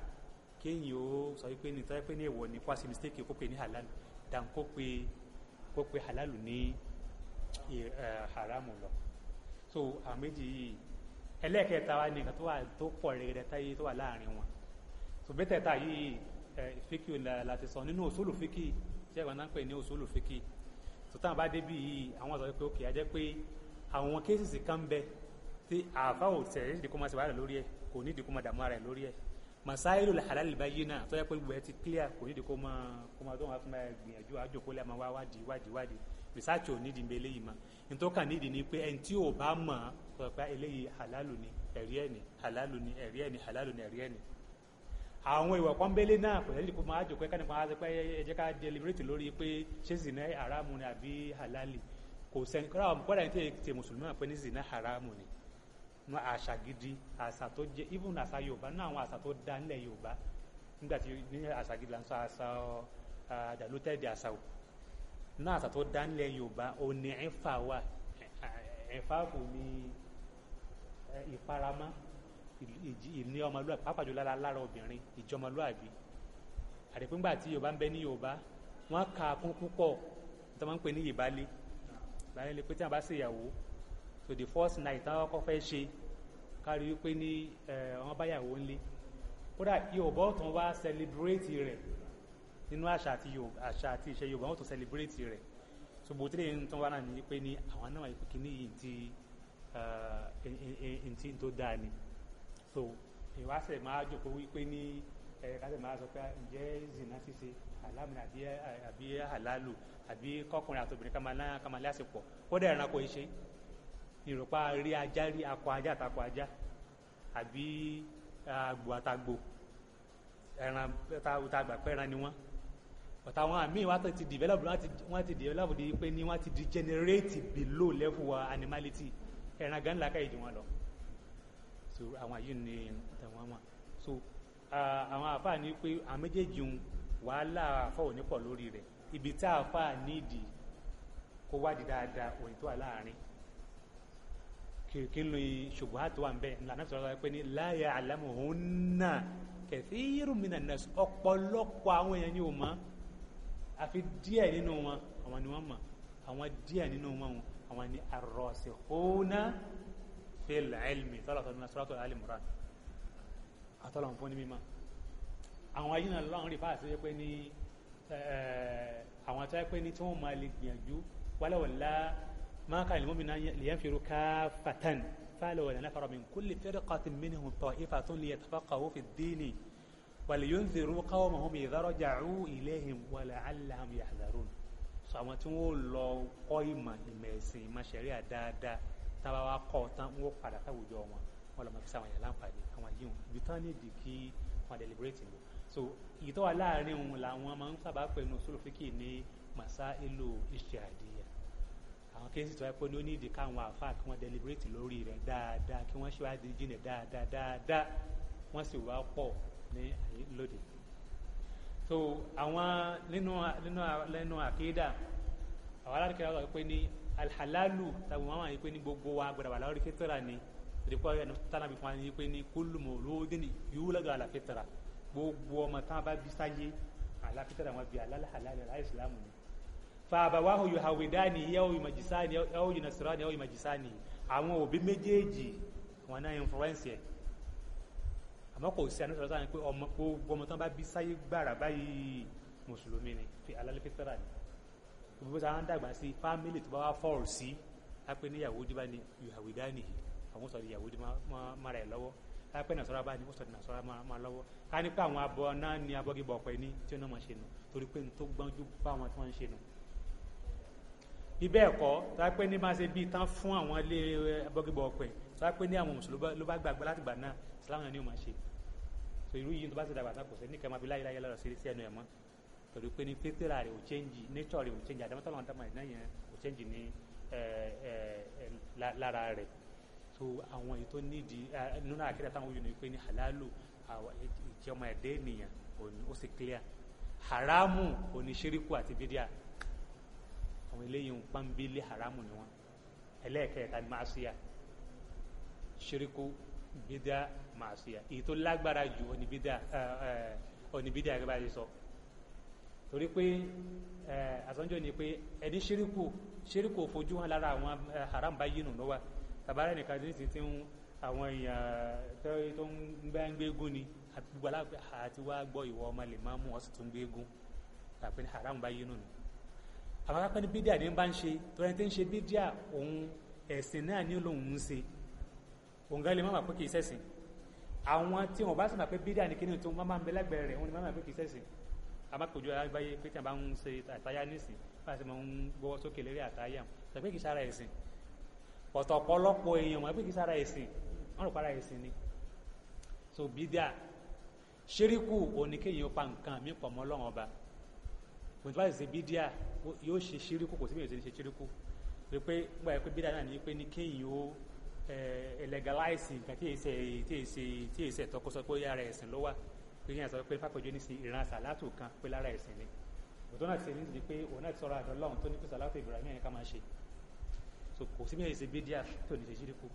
kéèyàn ó sọ wípé ní tọ́jú pé ní èèwọ̀ ní kwasi mistake kó pe ní halal dan kó pe kó pe halal ní haramu lọ so àwọn méjì yìí ẹlẹ́ẹ̀kẹta wa ní nǹkan tó wà tó pọ̀ rẹ̀ rẹ̀ táyé tó wà láàrin wọn so bẹ́tẹ̀ẹ̀ta yìí fíkì láti sọ nínú òṣòlù fíkì tí ẹ̀wọ̀n náà ń pè ní òṣòlù fíkì tó tán bá débi yìí àwọn sọ pé òkè ajẹ́ pé àwọn kéésìsì kan bẹ tí àáfàá ò tẹ̀ nídìí kó máa ṣe wàhálà lórí ẹ̀ kò nídìí kó máa ara ẹ̀ lórí ẹ̀ masáìlú làhálàlì báyìí náà tó yẹ pé gbogbo ẹ ti clear kò nídìí kó máa kó máa tó wọn fún ẹ gbìyànjú àjòkólẹ̀ máa wá wádìí wádìí wádìí rìsáàtì ò nídìí mbẹ́lẹ́ yìí mọ́ ntọ́ka nídìí ni pé ẹni tí ò bá mọ̀ ọ́ pé eléyìí hàlálù ni ẹ̀rí ẹ̀ ni hàlálù ni ẹ̀rí ẹ̀ ni hàlálù ni ẹ̀rí ẹ̀ ni àwọn ìwà pọ́nbélé náà kò lẹ́yìn kó máa jòkó ẹ̀ka nípa wáṣẹ pé ẹ jẹ́ ká deliberate lórí pé ṣé zina haramu ni àbí halali kò sẹ́ni kọ́ra àwọn kọ́ra ẹni tí ètè mùsùlùmí náà pé ní zina haramu ni wọn àṣà gidi àṣà tó jẹ even àṣà yorùbá náà àwọn àṣà tó dá nílẹ̀ yorùbá nígbà tí ní àṣà gidi là ń sọ àṣà àdàlótẹ́ẹ̀dì àṣà o náà àṣà tó dá nílẹ̀ yorùbá òní ẹ̀fà wà ẹ̀fà kò ní ìfaramá ìní ọmọlúwàbí pàápàá jùlọ obìnrin ìjọmọlúwàbí àdìpíngbà tí yorùbá ń bẹ ní yorùbá wọn kà kún púpọ̀ tó máa ń pè ní ìbálé ìbálé lè pé tí wọn bá ṣèyàwó so the first night táwọn kọ́kọ́ fẹ́ ṣe kárí wípé ní wọn bá yàwó ńlé kódà yorùbá ó wá celebrate rẹ̀ nínú àṣà àti àṣà àti ìṣe yorùbá ó celebrate rẹ̀ so bó tilẹ̀ ń tún wá náà ní pé ní àwọn náà wà pé kí ní ìyìn tí dáa ni so ìwà sẹ̀ máa jòkó wípé ní ẹ̀ka sẹ̀ máa sọ pé ǹjẹ́ zina ṣíṣe alámìnà àbí àlálù àbí kọkùnrin àtòbìnrin ká máa lásìpọ̀ kódà ẹranko ìṣe ìrọ̀pá rí ajá rí akọ ajá àtakọ ajá àbí àgbò àtàgbò ẹran tá a gbà pé ẹran ni wọ́n ọ̀tá wọn àmì wọn ti develop wọn ti develop di pé ni wọn ti degenerate below level wa animality ẹran gan la ká ìdí wọn lọ so àwọn yìí ni ìtàwọn àmà so àwọn àfa ní pé àwọn méjèèjì ń wàhálà àfa ò ní pọ̀ lórí rẹ̀ ibi tá àfa nídìí kó wádìí dáadáa òyìn tó wà láàrin kí ló ṣùgbọ́n àti wà ń bẹ́ẹ̀ ńlá náà sọ̀rọ̀ pé ní la ya'lamuhunna kathirun minan nas ọ̀pọ̀lọpọ̀ àwọn èèyàn ni ò mọ̀ àfi díẹ̀ nínú wọn àwọn ni wọ́n mọ̀ àwọn díẹ̀ nínú wọn àwọn ni ar-rasikhuna bil ilmi tọ́lọ̀tọ̀ nínú sọ́rọ̀tọ̀ alimuran àtọ́lọ̀ fún ní mímọ́ àwọn ayé náà lọ́rùn rí fáàsì pé ní àwọn atọ́ pé ní tí wọ́n máa lè gbìyànjú wálẹ̀wọ̀lá máa kà lèmọ́mí náà lèyàn fi ruká fatan fálẹ̀wọ̀lá náà قومهم إذا رجعوا إليهم ولعلهم يحذرون sọ àwọn tí wọn ò lọ kọ́ tábà wá kọ́ tán ń wó padà táwùjọ wọn wọn lọ́mọ fi sáwọn yẹn láǹfààní àwọn yìí wọn ibi tán nídìí kí wọn deliberate lò so èyí tó wà láàrin òun làwọn máa ń sábà pẹ̀lú sólùfíkì ní masailu ijtihadiyya àwọn kéésì tó wáyé pé ló ní ìdí káwọn àáfàá kí wọ́n deliberate lórí rẹ̀ dáadáa kí wọ́n ṣèwádìí jìnnà dáadáa dáadáa wọ́n sì wá pọ̀ ní lóde so àwọn nínú nínú nínú àkéédà àwọn alárìkẹ́ wà pé ní alihalalu tàbí wọn máa yí pé ní gbogbo wa gbọdọ̀ wà lórí fitra ni rìpọ́ ẹni tánàbí fún wa yí pé ní kullu mawludin yuladu ala fitra gbogbo ọmọ tán bá bí sáyé ala fitra wọn bí alálàhàlálì aláìsìlámù ni fa àbáwáhù yuhawidani yẹ́wò ìmọ̀jísáni yẹ́wò yunasirani yẹ́wò ìmọ̀jísáni àwọn òbí méjèèjì wọn náà influence ẹ̀ àmọ́ kò sí anúṣọ́sọ́ ni pé ọmọ gbogbo ọmọ tán bá bí sáyé gbàrà báyìí mùsùlùmí ni fi alálẹ́ fitra ni òfin sáà ń dàgbà sí fámìlì tó bá wá fọ́ọ̀rù sí lápẹ́ ní Yahudi bá ní yuhawidani àwọn sọ̀rọ̀ Yahudi mara ẹ̀ lọ́wọ́ lápẹ́ nàṣọ́ra bá ní wọ́n sọ̀rọ̀ nàṣọ́ra máa lọ́wọ́ ká ní pé àwọn abọ́ náà ní abọ́gibọ̀ ọ̀pẹ ní tí wọ́n máa ṣe nù torí pé tó gbọ́njú bá wọn tí wọ́n ń ṣe nù. ibẹ̀ ẹ̀kọ́ lápẹ́ ní so irú yìí tó bá ti dàgbà tán kò sẹ́ torí pé ní fẹ́tẹ́rà rẹ̀ ò chẹ́ǹjì nature rẹ̀ ò chẹ́ǹjì àdámọ́tọ́lọ́wọ́n dámà ẹ̀ náà yẹn ò chẹ́ǹjì ní lára rẹ̀ so àwọn èyí tó nídìí nínú àkídà táwọn yìí ni pé ní halalu ìjẹ́ ọmọ ẹ̀dẹ́ ènìyàn ó sì clear haramu òní ṣíríkù àti bídíà àwọn eléyìí ń pọ́nbílé haramu ni wọ́n ẹlẹ́ẹ̀kẹ́ẹ̀ta ni máa ṣíyà ṣíríkù bídíà máa ṣíyà èyí tó lágbára jù òní bídíà gẹ́gẹ́ bá ṣe sọ torí pé àsánjọ́ ni pé ẹ̀dí ṣíríkù ṣíríkù fojú hàn lára àwọn haram bá yínú ló wà tàbárẹ̀ nìkan tí ti ń àwọn èèyàn tó ń bá ń gbégún ni gbogbo aláàpẹ àti wá gbọ́ ìwọ ọmọ lè máa mú wọn sì tún gbégún tàbí ní haram bá yínú nù àwọn akẹ́kọ̀ọ́ ní bídíà ní bá ń ṣe torí tí ń ṣe bídíà òun ẹ̀sìn náà ní olóhùn ń ṣe òun gan lè má máa pé kì í ṣẹ̀sìn àwọn tí wọn bá sì pé bídíà ní kíni tó máa ń bẹ lágbẹ̀ẹ́ rẹ̀ òun ni má máa pé kì í ṣẹ̀sìn amákòjọ àgbáyé pé tí a bá ń ṣe àtayá nísì bá a ṣe máa ń gbọ́wọ́ sókè lérí àtayá sọ pé kì í sára ẹ̀sìn ọ̀tọ̀ ọ̀pọ̀lọpọ̀ èèyàn mọ̀ pé kì í sára ẹ̀sìn wọ́n rò para ẹ̀sìn ni so bídíà ṣíríkù oníkéyìn pa nǹkan mi pọ̀ mọ́ Ọlọ́run ọba kò tí wọ́n ṣe bídíà yóò ṣe ṣíríkù kò sí bí yóò ṣe ṣíríkù pé pé nígbà yẹn pé bídíà náà ní pé ní kéyìn ó legalize nǹkan tí èsì ẹ̀tọ́ kó sọ pé yára ẹ̀sìn ló wà pé yẹn sọ pé fàkọjọ ní sí ìran sàlátù kan pé lára ẹ̀sìn ni òtò náà ti ní ti di pé òun náà ti sọ̀rọ̀ àjọ lọ́hùn tó ní pé sàlátù Ibrahim yẹn ká máa ṣe so kò sí mìíràn ṣe bídíà tó ní ṣe ṣíríkù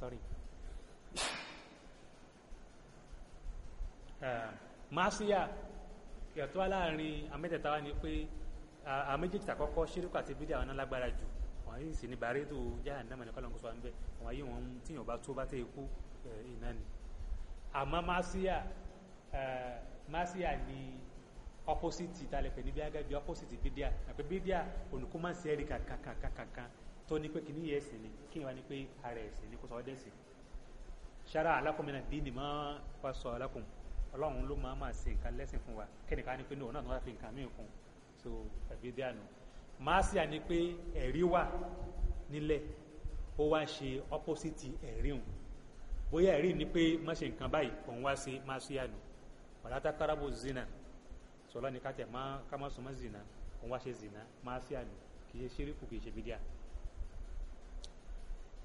sorry máṣíyà yàtọ̀ láàrin amẹ́tẹ̀ẹ̀ta wa ni pé àmẹ́jẹ̀ẹ̀ta kọ́kọ́ ṣíríkù àti bídíà wọn náà lágbára jù yìí sì ní bàárẹ́ tó jahannama ní kọ́lọ́n kó sọ à ń bẹ́ àwọn yìí wọ́n tíyàn bá tó bá tẹ̀ kú iná ni àmọ́ màsíà màsíà ni opposite ìtàlẹ̀pẹ̀ níbi agábí opposite bídíà àpẹ bídíà olùkọ́ máa ń ṣe ẹ̀rí kankankankan tó ní pé kìíní ẹ̀sìn ni kíyàn wá ní pé ara ẹ̀sìn ni kò sọ ọ́dẹ́sìn ṣára alákùnmínà dín ní máa wá sọ alákùn ọlọ́run ló máa máa ṣe nǹkan lẹ́sìn fún wa kẹ́nìkan ní pé ní òun náà tó wá fi nǹkan míì kún so ẹ̀bí díà nù masia ni pé ẹ̀rí wà nílẹ̀ ó wá ṣe opposite ẹ̀rí hùn bóyá ẹ̀rí ni pé má ṣe nǹkan báyìí òun wá sí masia nù wàlá zina sọlá ni ká tẹ̀ má ká zina òun wá ṣe zina masia nù kì í ṣe ṣíríkù kì í ṣe bídíà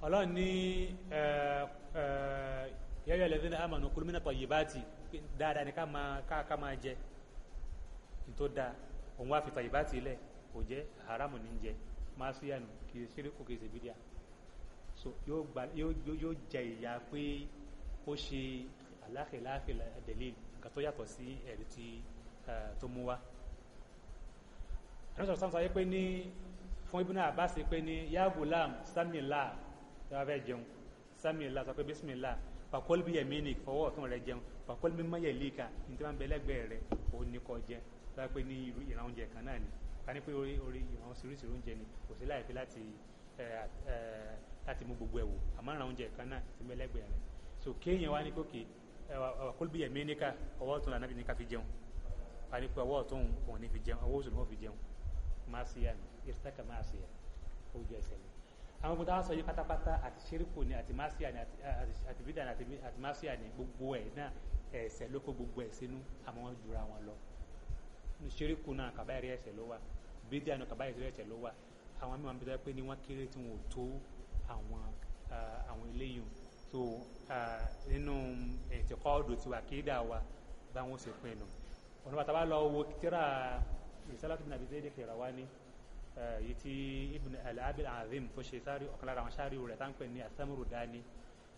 ọlọ́run ní yẹ́rẹ́ lẹ́dín náà àmànà kúlùmínà tọ̀yìbáàtì dáadáa ni ká máa jẹ ní dáa òun wá fi tọ̀yìbáàtì lẹ̀ kò jẹ́ haramu ní jẹ máa sí yànù kì í ṣeré kò kì í ṣe bídíà so yóò gba yóò jẹ ìyá pé ó ṣe aláfẹ́láfẹ́ àdẹ̀lẹ́ nǹkan tó yàtọ̀ sí ẹ̀rí tí tó mú wá ẹ̀rọ sọ̀rọ̀ pé ní fún Ibn Abbas pé ní ya gulam samila tí wọ́n fẹ́ jẹun samila sọ pé bísímìlá pàkọ́lù bí yẹmínì fọwọ́ ọ̀tún rẹ jẹun pàkọ́lù bí mọ́yẹ̀lì kà ní tí wọ́n bẹ lẹ́gbẹ̀ẹ́ rẹ òun ní kọ jẹ tí wọ́n pé ní ìran oúnjẹ kan náà ni ká ní pé orí orí àwọn oríṣiríṣi oúnjẹ ni kò sí láì fi láti láti mú gbogbo ẹ̀ àmọ́ ara oúnjẹ kan náà ti mẹ́lẹ́gbẹ̀ẹ́ rẹ̀ so kéèyàn wá ní kókè ọ̀kọ́lùbíyẹ̀ mi níka ọwọ́ ọ̀tún lànà bí níka fi jẹun wá ní pé ọwọ́ ọ̀tún òun ní fi jẹun ọwọ́ òsùn òun fi jẹun máa ṣe yà ní ìrìsítákà máa ṣe yà ojú ẹsẹ̀ lọ àwọn ọmọdé wa sọ yìí pátápátá àti ṣeríkù ni àti máṣíà ni àti bídà ni àti máṣíà ni gbogbo ẹ̀ náà ẹ̀ṣẹ̀ ló kó gbogbo ẹ̀ sínú àmọ́ wọn jura wọn lọ ṣeríkù náà kàbáyé ẹ̀ṣẹ̀ ló wà bídí àná kàbáyé tó lẹ́tẹ̀ ló wà àwọn mìíràn bí wọ́n pé ní wọ́n kéré tí wọ́n ò tó àwọn àwọn eléyìí tó nínú ẹ̀tẹ̀kọ́ ọ̀dọ̀ tiwa kéèdà wa bá wọn ṣe pin nù ọ̀nà bàtà bá lọ wo tíra ìsálàtú ibn Abi Zayd al-Qayrawani yìí tí ibn al-Abil Azim tó ṣe sáré ọ̀kan lára àwọn sáré rẹ̀ tá ń pè ní Asamuru Dani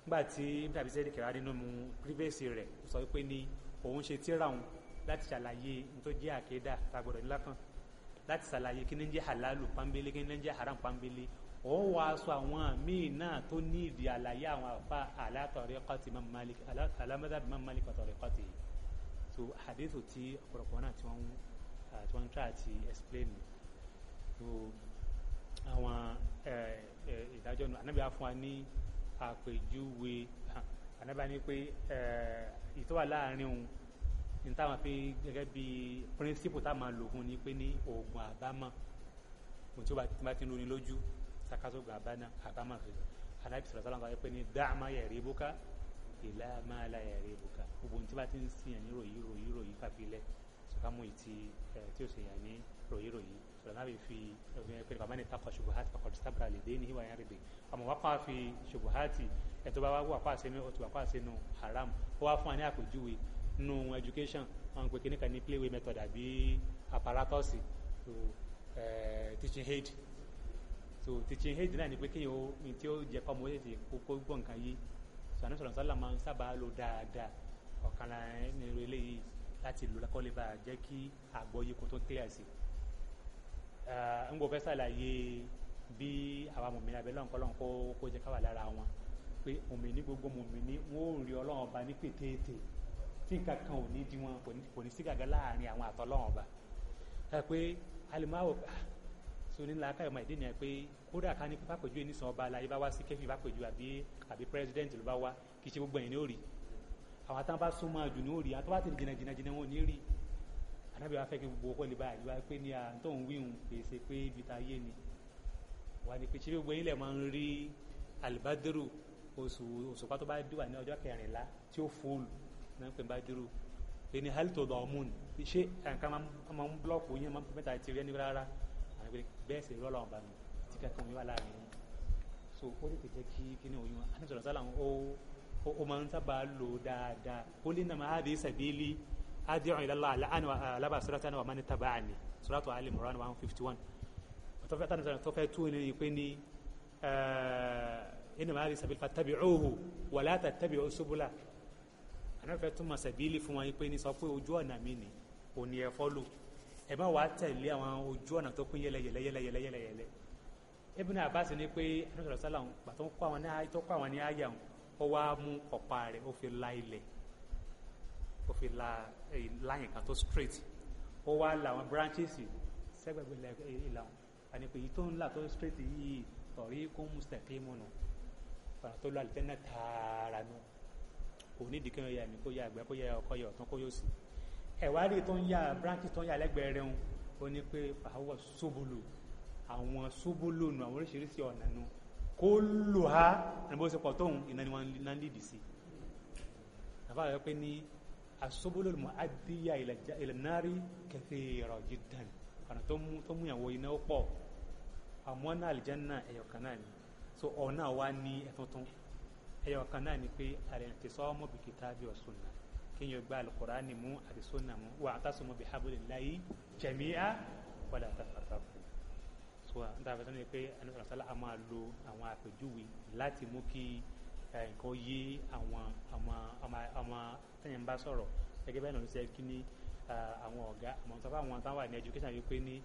nígbà tí ibn Abi Zayd al-Qayrawani nínú pírívẹ́sì rẹ̀ sọ pé ní òun ṣe tíra òun láti ṣàlàyé ní tó jẹ́ àkéèdà tá a gbọ́dọ̀ nílákan láti ṣàlàyé kí ní jẹ́ halalu pánbélé kí ní jẹ́ haram pánbélé ó wá aṣọ àwọn míì náà tó ní ìdí àlàyé àwọn àfa alátọ̀rẹ́ kọ́tì alámọ́dá bí mọ́mọ́lì kọ́tọ̀rẹ́ kọ́tì so àdéhùn tí ọ̀pọ̀lọpọ̀ náà tí wọ́n ń try àti explain so àwọn ìdájọ́ nù anábì á fún wa ní àpèjúwe anábì á ní pé ìtọ́wà láàrin òun ní táwọn fi gẹ́gẹ́ bí píríncípù táwọn máa lò fún ni pé ní oògùn àbámọ̀ mo tí ó bá ti ń lóni lójú sakasógun àbámọ̀ rẹ̀ aláìbí sọ̀rọ̀ sálàmù sọ pé ní dáàmà yẹ̀rí bóká ìlà máa la yẹ̀rí bóká gbogbo tí bá ti ń sin ẹ̀yìn ròyìn ròyìn ròyìn fàfilẹ̀ sọ̀kámù ìtì tí ó sì yàn ní ròyìn ròyìn sọ̀rọ̀ náà fi pé bàbá ní takọ̀ ṣubuhati kọ̀kọ̀ sábà lè dé ní ìwà yẹn rèé ọmọ wa kọ́ fi ṣubuhati ẹ̀tọ́ bá wà kọ́ àṣẹ nínú haram ó wá fún wa ní àpèjúwe nù education àwọn pè kíníkà ní playway method àbí apparatus so eh, teaching aid so teaching aid náà ni pé kéèyàn ó ní tí ó jẹ kọ́ ọmọ ó tètè kókó gbọ́ nǹkan yìí so àná sọ̀rọ̀ sọ́là máa ń sábà lo dáadáa ọ̀kan lára ẹni rẹ léyìí láti lò lákọ́ lè bá jẹ́ kí àgbọ́yé kó tó clear sí ń eh, gbọ́ fẹ́ ṣàlàyé bí àwa mòmìnira bẹ́ẹ̀ lọ́nkọ́ lọ́nkọ́ kó jẹ́ káwà lára wọn pé mòmìnir gbogbo mòmìnir wọn ò rí ọlọ́run ọba ní pètèètè tí nǹkan kan ò ní di wọn kò ní sí gàgá láàrin àwọn àtọ́lọ́wọ̀n ọba ẹ pé alimawọ ah, so ní làákà ìmọ̀ ìdí nìyẹn pé kódà ká ní pípa pèjú ẹni sàn ọba aláyé bá wá sí kẹfì bá pèjú àbí àbí president ló bá wá kì í ṣe gbogbo ẹ̀yìn ní òrì àwọn àtàn bá súnmọ́ jù ní òrì àtọ́ ti jìnnà jìnnà jìnnà wọn ò ní rí anábì wa fẹ́ kí gbogbo ọkọ lè bá àyíwá pé ní à ń tóun wíhun pèsè pé ibi ta yé ni wà ní pé ṣé gbogbo ẹ̀yìn lẹ̀ máa ń rí náà ń pè bá dúró lè ní hali tó dọ̀ ọ̀mùn ṣé nǹkan máa ń búlọ́ọ̀kù yín máa ń mẹ́ta ti rí ẹni rárá àwọn ìpínlẹ̀ bẹ́ẹ̀ sì rọ́ọ̀lọ́ ọ̀bà mi tí kankan mi wà láàrin yín so ó lè tẹ̀jẹ́ kí kí ni oyún àti sọ̀rọ̀ sálà ó máa ń sábà lò dáadáa ó lè nàmà áàdì sàbílì áàdì ọ̀rìn lálá alábà sọ́dọ̀tà náà wà máa ní tàbá àní sọ́dọ̀tà alẹ́ mọ̀rán one fifty one anáfẹ́ túmọ̀ sẹ̀bílì fún wọn yín pé ní sọ pé ojú ọ̀nà mi ni ò ní ẹ fọ́lò ẹ má wàá tẹ̀lé àwọn ojú ọ̀nà tó pín yẹlẹyẹlẹ yẹlẹyẹlẹ yẹlẹyẹlẹ Ibn Abbas ni pé anáfẹ́ sọ́lá àwọn pàtó kọ́ àwọn ní ayé tó kọ́ àwọn ní ayé àwọn ó wá mú ọ̀pá rẹ̀ ó fi la ilẹ̀ ó fi la eh, láyìn kan tó straight ó wá la àwọn branches sẹ́gbẹ̀gbẹ̀ ìlànà àní pé èyí tó ń là tó straight yìí tọ̀rí kó mustaqim mọ́nà ọ̀nà tó lọ àlùjẹ́ kò nídìí kí wọ́n ya ẹ̀mí kó ya ẹ̀gbẹ́ kó ya ọkọ ya ọ̀tún kó yóò sí ẹ̀wárí tó ń ya branches tó ń ya lẹ́gbẹ̀ẹ́ rẹ̀ ń ó ní pé àwọn ṣubúlù àwọn ṣubúlù nù àwọn oríṣiríṣi ọ̀nà nù kó lò á ẹni bó ṣe pọ̀ tóun iná ni wọ́n ń lìdì sí àbá rẹ̀ pé ní asubulu mu'addiya ila nari kathira jiddan ọ̀nà tó mú ìyàwó iná pọ̀ àmọ́ náà àlìjẹ́ náà ẹ̀yọ̀kan náà ni so ọ̀nà wa ní ẹ̀tọ́tún ẹyọ kan náà ni pé al-i'tisamu bi kitabi wa sunnah kéèyàn gba alukurani mú àti sunna mú wa'tasimu bi hablillahi jami'a wala tafarraqu so n ta fẹsẹ̀ ni pé anasala a máa lo àwọn àpèjúwe láti mú kí nǹkan yé àwọn àwọn àwọn tẹ̀yìn bá sọ̀rọ̀ gẹ́gẹ́ bẹ́ẹ̀ náà ló ṣe kí ni àwọn ọ̀gá àwọn sọ́kà àwọn táwọn education yìí pé ní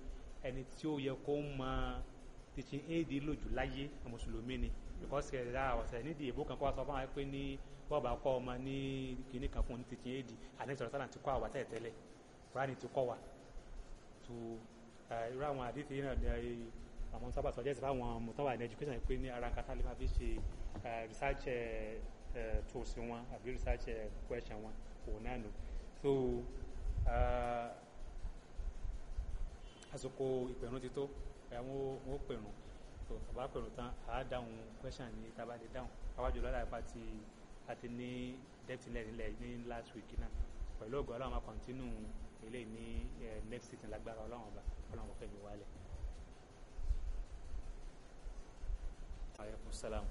ẹni tí ó yẹ kó mọ teaching aid lójú láyé mùsùlùmí ni because ẹ̀dá ọ̀sẹ̀ nídìí èbó kan kó wa sọ fún wa pé ní bọ́ọ̀bà kọ́ ọmọ ní kìíní kan fún ní teaching aid àlẹ́ sọ̀rọ̀ sálà ti kọ́ àwa tẹ́lẹ̀ tẹ́lẹ̀ kúránì ti kọ́ wa tó irú àwọn àdìtì náà àwọn sábà sọjẹ́ sí fáwọn mọ̀tọ́wà ní education pé ní ara nǹkan tálẹ́ máa fi ṣe research tools wọn àbí research question wọn òun náà nù so àsìkò ìpẹ̀rún ti tó ẹ̀ wọ́n pẹ̀rún tó bàbá pẹ̀lú tán àá dáhùn question ní tábà lè dáhùn àwájú lọ́la ipa ti àti ní depth nílẹ̀ ní last week náà pẹ̀lú ògùn ọlọ́run máa continue eléyìí ní next season lágbára ọlọ́run ọba ọlọ́run ọ̀fẹ́ mi wálẹ̀. aleykum salaam.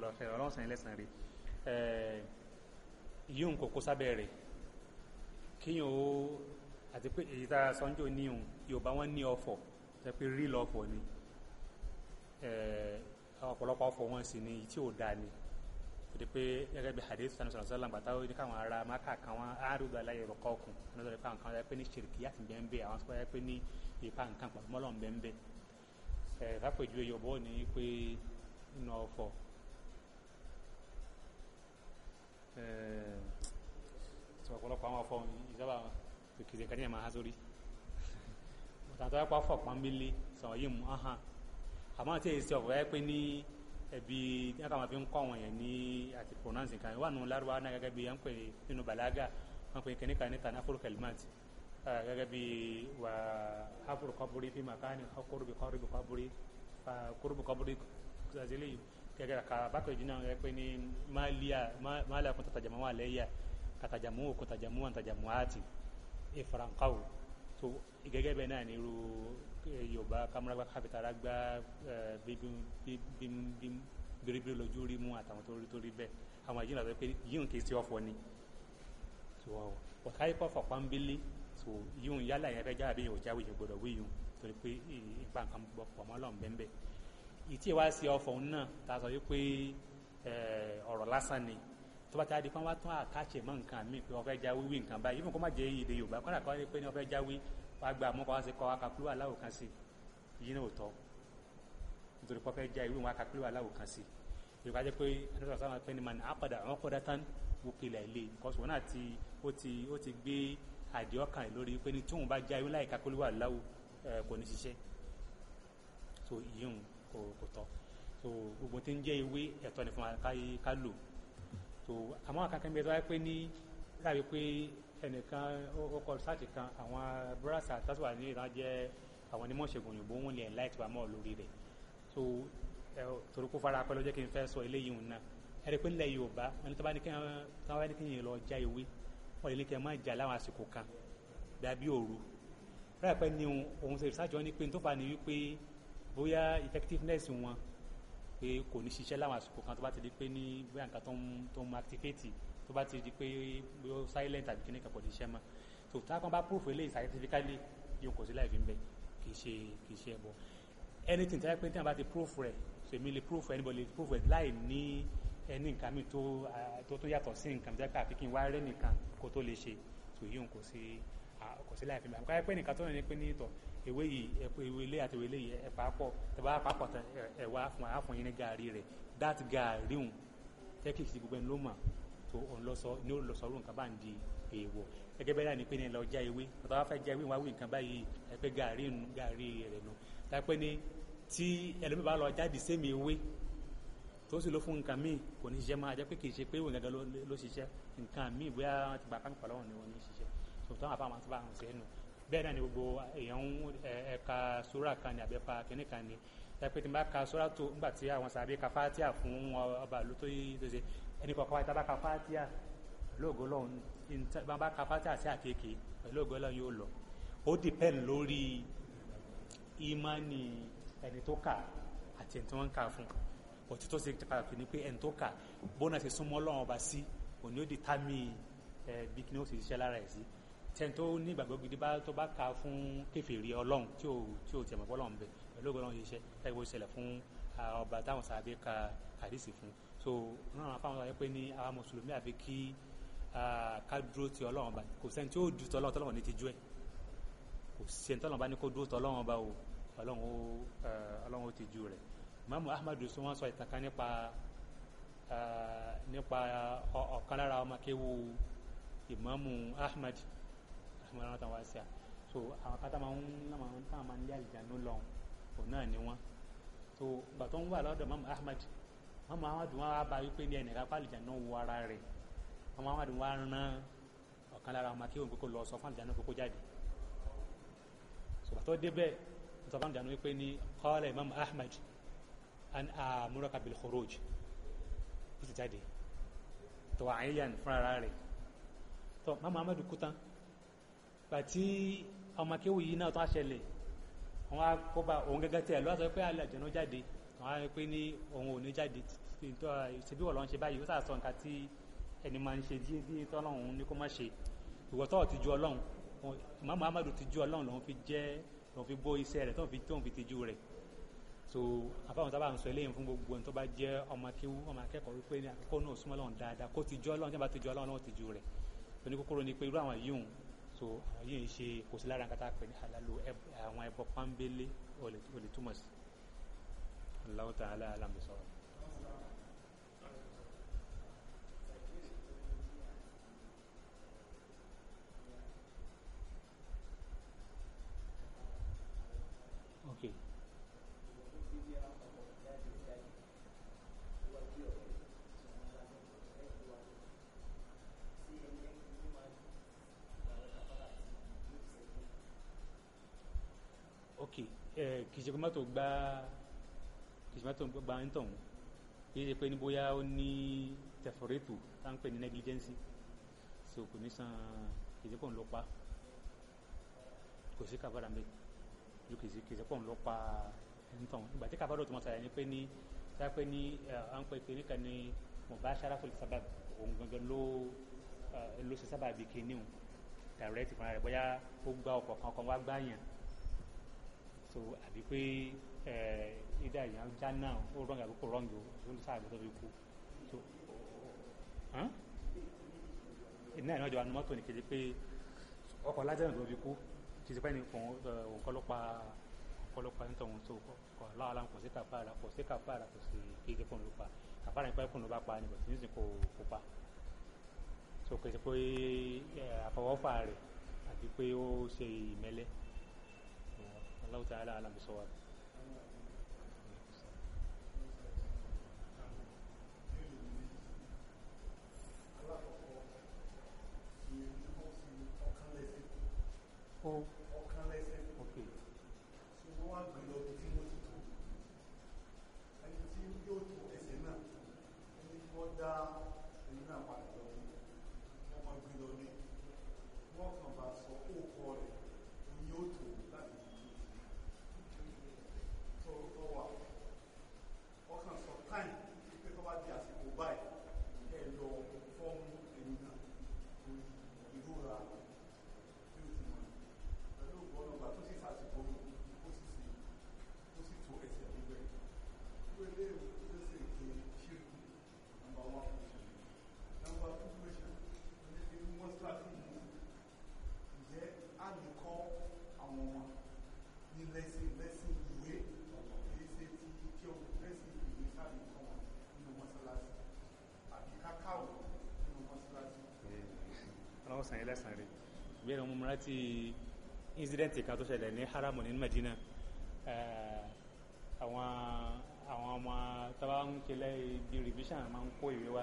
jazakumullahu khairan ọlọ́run sàn lẹ́sàn rí yíyún kò kó sábẹ́ rẹ̀ kíyàn ó àti pé èyí tá a sọ́njò níhùn yorùbá wọn ní ọ̀fọ̀ jẹ́ pé rí lọ́fọ̀ ni eh, ọ̀pọ̀lọpọ̀ ọ̀fọ̀ wọn sì ni tí ò dáa ni torí pé gẹ́gẹ́ bí hadith sanu sọ̀rọ̀ sọ́lá gbàtà ó ní káwọn ará maka kan wọn àárúgbó aláyẹ̀ rọ̀ kọ́ọ̀kùn ní ọ̀dọ̀ ìpàǹkan wọn pé ní ṣìrìkì àti bẹ́ẹ̀ àwọn sọ́kọ́ pé ní ìpàǹkan pàmò mọ́lọ̀ bẹ́ẹ̀ ẹ̀ fàpèjúwe eh, yorùbá ò ní pé nínú ọ̀fọ̀ tí ọ̀pọ̀lọpọ̀ àwọn afọ ìjọba òkèèrè kan ní ẹ̀mà hazori ọ̀tàtọ̀ ẹ̀pọ̀ afọ pàmílé sọ̀rọ̀ yìí mú ahàn àmọ́ tí èsì ọ̀pọ̀ ẹ̀ pé ní ẹbí ní àkàmọ́ fi ń kọ́ àwọn yẹn ní àti pronounce nǹkan wà nù lárúbá náà gẹ́gẹ́ bí ẹ̀ńpẹ̀ nínú balaga wọn pe kìnìkan ní tàn afro kelmat gẹ́gẹ́ bí wà afro kọ́bùrí fi màkà ní kọ́rùbì kọ́rùbì kọ́bùrí kọ́rùbì kọ́bùrí gẹ́gẹ́ ka bákejì náà rẹ pé ní máàlíà kún tàtàjàmú wà lẹ́yà kàtàjàmú òkun tàjàmú wà tàjàmú àti ìfarankáwò tó gẹ́gẹ́ bẹ́ẹ̀ náà ní irú yorùbá kámúrágbá káfíntàrà gbá bíríbírí lójú rí mú àtàwọn tó rí tó rí bẹ́ẹ̀ àwọn ìjìnlẹ̀ tó pé yíyùn kì í sí ọ̀fọ̀ ni ọ̀káyíkọ̀ fọ̀pá ń bílé so yíyùn yálà yẹn fẹ́ jáwé àbí yóò jáwé yóò gbọdọ̀ wíyùn torí pé ìbá nǹkan pọ̀ mọ́ lọ́nbẹ́ńbẹ́ ìtí ìwá sí ọfọ̀ náà ta sọ wípé ọ̀rọ̀ lásán ni tó bá ta di pọ́n wá tún àkàṣe mọ́ nǹkan mi pé wọ́n fẹ́ já wíwí nǹkan báyìí ìfún kó má jẹ́ èdè Yorùbá kọ́nà kọ́ ni pé wọ́n fẹ́ já wí wá gba àmọ́ kọ́ wá sí kọ́ wá kakúrú aláwò kan sí yìí ní òótọ́ nítorí pọ́ fẹ́ já ìwé wọn kakúrú aláwò kan sí Yorùbá jẹ́ pé ẹnìtọ́ sáwọn pé ni màní àpàdà àwọn kọ́ dátán wò pilẹ̀ ilé because wọn náà ti ó ti ó ti gbé àdé ọkàn lórí pé ni tóun bá já ìwé láì kakúrú aláwò kò ní ṣiṣẹ́ so ìyóhun kò tọ́ so gbogbo tí ń jẹ́ ewé ẹ̀tọ́ ni fún wa ká lò so àmọ́ àkàkẹ́ mi tó wáyé pé ní láàbí pé ẹnìkan ó kọ kan àwọn brasa tásùwà ní ìran jẹ́ àwọn onímọ̀ṣègùn òyìnbó wọn lè láì tiwa mọ́ lórí rẹ̀ so torí kó fara pẹ́ lọ́jọ́ kí n fẹ́ sọ eléyìí hùn náà ẹ̀rí pé nílẹ̀ Yorùbá wọn ní tọ́ba ní kí n lọ já ewé wọn lè ní kí n má já láwọn àsìkò kan dàbí òru rẹ̀ ni ohun ṣe ìsájọ́ ní pé n tó fà ní wípé bóyá effectiveness wọn pé kò ní ṣiṣẹ́ láwọn àsìkò kan tó bá ti di pé ní bóyá nǹkan tó ń mu activate tó bá ti di pé bóyá silent àbí kíní kan kò ní ṣiṣẹ́ mọ́ tó táwọn bá proof eléyìí scientifically yóò kò sí láì fi ń bẹ kì í ṣe kì í ṣe ẹbọ anything tẹ́lẹ̀ pé tí wọ́n bá ti proof rẹ̀ so èmi lè proof anybody lè proof rẹ̀ láì ní ẹni nǹkan mi tó tó tó yàtọ̀ sí nǹkan tẹ́lẹ̀ pé àfikún wá rẹ́ nìkan kó tó lè ṣe so yóò kò sí kò sí láì fi ń bẹ àmọ́ káyọ̀ pé nìkan tó ní pé ní ìtọ̀ ewé yìí ẹ̀pọ̀ ewé ilé àti ewé ilé yìí ẹ̀pà pọ̀ ẹ̀bá papọ̀ tán ẹ̀wà fún àáfọ̀ yín ní gàárì rẹ̀ that gàárì hùn tẹ́kì sí gbogbo ẹni ló mọ̀ tó òun lọ sọ ní òun lọ sọ ọdún nǹkan bá ń di èèwọ̀ gẹ́gẹ́ bẹ́ẹ̀ ni pé ní lọ já ewé ọ̀tọ̀ wá fẹ́ já ewé wá wí nǹkan báyìí ẹ̀pẹ́ gàárì nù gàárì rẹ̀ nù tápẹ́ ni tí ẹlòmíì bá lọ jáde sẹ́mi ewé tó sì ló fún nǹkan míì kò ní ṣiṣẹ́ máa jẹ́ pé kì í ṣe pé ìwé gàgà ló ṣiṣẹ́ nǹkan míì bóyá wọ́n ti gbà pàmì pàlọ́wọ̀n ni wọ́n ní ṣiṣẹ́ tòótọ́ àfàwọn àti bá àwọn ṣe é nù bẹ́ẹ̀ náà ni gbogbo èèyàn ń ẹ̀ka sóra kan ní àbẹ́fà kínní kan ni ẹ̀pẹ́ tí n bá ka sóra tó ńgbà tí àwọn sàbí ka fátíà fún ọba ìlú tó yí tó ṣe ẹnì kọ̀ọ̀kan wáyé tábà ka fátíà lóògùn lọ́hùn bá bá ka fátíà sí àkekèé pẹ̀lú ògùn lọ́hùn yóò lọ ó dìpẹ́ǹ lórí ìmánì ẹni tó kà àti ẹni tí wọ́n ń kà fún òtítọ́ sí pàtàkì ni pé ẹni tó kà bóńdà ti súnmọ́ Ọlọ́run ọba sí òní ó di tá tẹ́ni tó ní ìgbàgbọ́ gidi bá tó bá ka fún kèfèrí ọlọ́run tí ò tí ò tẹ̀mọ́ fọlọ́run bẹ̀ pẹ̀lú ọgbọ́n iṣẹ́ láì wọ́n ṣẹlẹ̀ fún ọba táwọn sàbẹ̀ ka àdìsí fún so náà fáwọn sọ pé ní àwa mùsùlùmí àfi kí ká dúró ti ọlọ́run ọba kò sẹ́ni tí ó dù tọ́lọ́run tọ́lọ́run ní ti jú ẹ̀ kò sẹ́ni tọ́lọ́run bá ní kó dúró tọ́lọ́run ọba o mamu ahmadu sọ wọn sọ ìtàn kan nípa nípa ọ̀kan lára ọmọ kéwu ìmáàmù mọ àwọn táwọn ṣe à so àwọn kátà máa ń náà táwọn máa ń lé àlìjánu lọ òun náà ni wọn so ìgbà tó ń wà lọ́dọ̀ mọ́mú Ahmad mọ́mú Ahmad wọn wá bá wípé ní ẹnìkan pa àlìjánu wọ ara rẹ̀ mọ́mú Ahmad wọn rán ọ̀kan lára ọmọ akéwòn kókó lọ sọ fún àlìjánu kókó jáde sọ̀bàtọ́ débẹ̀ sọ fún àlìjánu wípé ní qala Imam Ahmad an amuraka bil khuruj ó sì jáde tọ́ àyíyàn fúnra rẹ̀ tọ́ mọ́mú Ahmad kú tán gbàtí ọmọ akéwì yìí náà tó àṣẹlẹ̀ wọn á kó bá òun gẹ́gẹ́ tẹ̀ lọ́wọ́ sọ pé àlàjẹ̀nú jáde wọn á pé ní òun ò ní jáde ṣebí wọ̀ lọ́n ṣe báyìí ó sàṣọ nǹkan tí ẹni máa ń ṣe díẹ̀ díẹ̀ tọ́lọ́run ní kó má ṣe ìwọ́tọ́ ti ju ọlọ́run ìmọ̀ muhammadu ti ju ọlọ́run lòun fi jẹ́ lòun fi bó iṣẹ́ rẹ̀ tóun fi tóun fi ti ju so àfáwọn sábà ń sọ eléyìí fún gbogbo ẹni tó bá jẹ́ ọmọ akéwú ọmọ akẹ́kọ̀ọ́ wípé ní àkókò náà súnmọ́ lọ́run dáadáa kó ti ju ọlọ́run tí wọ́n bá ti ju ọlọ́run lọ́wọ́ ti ju rẹ̀ oníkókóró ni pé irú àwọn yìí so yìí ń ṣe kò sí lára nǹkan tá a pè ní halalu àwọn ẹbọ pọ́nbélé ò lè túmọ̀ sí Allahu ta'ala alam sọ̀rọ̀. Okay. ok ẹ kì í ṣe pé mọ́tò gbá kì í ṣe mọ́tò gbá ń tàn kì í ṣe pé ní bóyá ó ní tẹ̀fọ̀rẹ́tò tá ń pè ní negligence so kò ní san kì í ṣe pé òun lọ pa kò sí kàfàrà mbẹ ju kì í ṣe kì í ṣe pé òun lọ pa ń tàn ìgbà tí kàfàrà tó mọ̀ sàlàyé ni pé ní sáà pé ní à ń pè pé ní kan ní mubasharatul sabab òun gangan ló ló ṣe sábàbí kìíní o direct fúnra rẹ̀ bóyá ó gbá ọkọ̀ kan ọkọ̀ wá gbá yàn so àbí pé ẹ ìdá ìyá já náà ó rọ́ǹgì àbí kò rọ́ǹgì o àbí olùsáà àbí tó fi kú so iná ìrìnàjò àwọn mọ́tò ní kejì pé ọkọ̀ lájẹ̀rìn tó fi kú kì í ti pẹ́ ní nǹkan ló pa nǹkan ló pa tó kọ̀ láàlá kò sí kàfàrà kò sí kàfàrà kò sí kéèké kò ń lò kàfàrà nípa ẹ̀kùn ló bá pa nígbà tí ní sìn kò kò pa so kì í ti pé àfọwọ́fà rẹ̀ àti pé ó ṣe ìmẹ́lẹ́ الله تعالى أعلم بصواب Oh. ọlọ́run sàn yín lẹ́sàn rẹ̀ bí ẹ̀rọ mo rántí incident kan tó ṣẹlẹ̀ ní haramu ní Medina àwọn àwọn ọmọ tábà ń kílẹ̀ ibi revision máa ń kó ìwé wa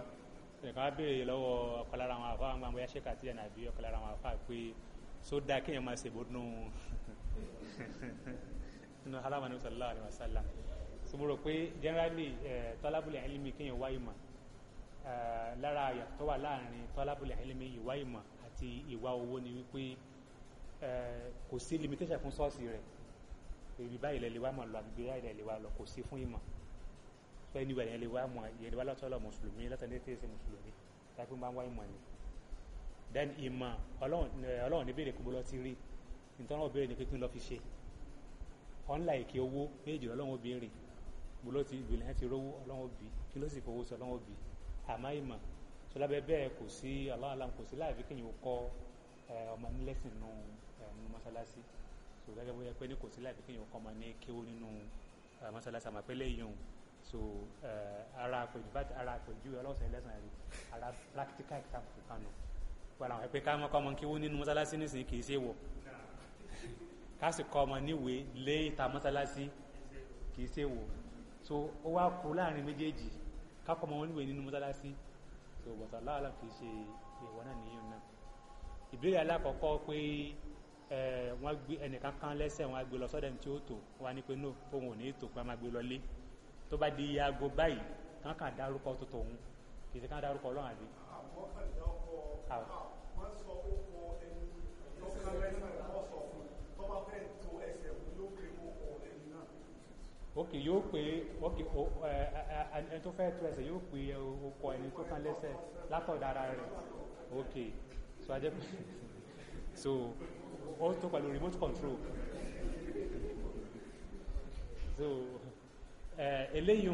ẹ̀ka béèrè lọ́wọ́ ọ̀kọ̀lára àwọn àfa àwọn àgbà ṣẹ́ka tí ẹ̀nà àbí ọ̀kọ̀lára àwọn àfa pé sódà kéèyàn máa ṣèbó nù nínú haramu ní sallallahu alaihi wasallam sọmọrọ pé generally tọ́lábùlẹ̀ ẹlẹ́mì kéèyàn wá ìmọ̀ lára àyà tó wà láàrin tọ́lábùlẹ̀ ẹlẹ́mì ìwá ìmọ̀ àti ìwà owó ni wípé kò sí limitation fún ṣọ́ọ̀ṣì rẹ̀ ibi báyìí lẹ́lẹ́ wá mọ̀ lọ àbí báyìí lẹ́lẹ́ wá lọ kò sí fún ìmọ̀ so anyway yẹn lè wá mọ̀ yẹn lè wá lọ́tọ́lọ́ mùsùlùmí lọ́tọ́lọ́ tẹ́ ṣe mùsùlùmí láti máa wá ìmọ̀ ni then ìmọ̀ ọlọ́run ní béèrè kúbọ́ lọ ti rí nítorí wọn béèrè ní pínpín lọ fi ṣe ọ̀nlá èké owó méjì ọlọ́run ó béèrè gbọ́lọ́ ti ìgbìlẹ̀ ti rówó ọlọ́run ó bí kí ló sì fowó sí ọlọ́run ó bí àmọ́ ìmọ̀ so lábẹ́ bẹ́ẹ̀ kò sí aláàlám kò sí láàbí kéèyàn ó kọ́ ọmọ ní nù nínú mọ́sálásí so gẹ́gẹ́ bó yẹ pé ní kò sí láàbí kéèyàn ó kọ́ ọmọ ní kéwó nínú mọ́sálásí àmọ́ pẹ́lẹ́ yìí so ara àpèjú bá ara àpèjú ọlọ́sẹ̀ lẹ́sìn rẹ̀ ara practical example kan nù wọ́n àwọn ẹ̀pẹ́ ká mọ́ kọ́ ọmọ kéwó nínú mọ́sálásí nísìnyí kì í ṣe wọ̀ ká sì ọmọ níwèé lé ìta mọ́sálásí kì í ṣe wọ̀ so ó wá kú láàrin méjèèjì ká kọ́ ọmọ níwèé nínú mọ́sálásí so bọ̀tà láàlá kìí ṣe ìwọ náà níyàn náà ìbéèrè alákọ̀ọ́kọ́ pé wọ́n gbé ẹnìkan kan lẹ́sẹ̀ wọ́n gbé lọ sọ́dẹ̀ tí ó tò wọ́n ní pé no fóun ò ní tò pé wọ́n máa gbé lọ lé tó bá di aago báyìí kán dárúkọ tó tòun kìí ṣe kán dárúkọ ọlọ́run àbí. àwọn kan dárúkọ òkè yóò pé òkè ẹni tó fẹ́ tu ẹsẹ̀ yóò pé okọ ẹni tó kán lẹ́sẹ̀ látọ̀dá ara rẹ̀ òkè so ajẹ́ pé so ó tó pẹ̀lú remote control so eléyìí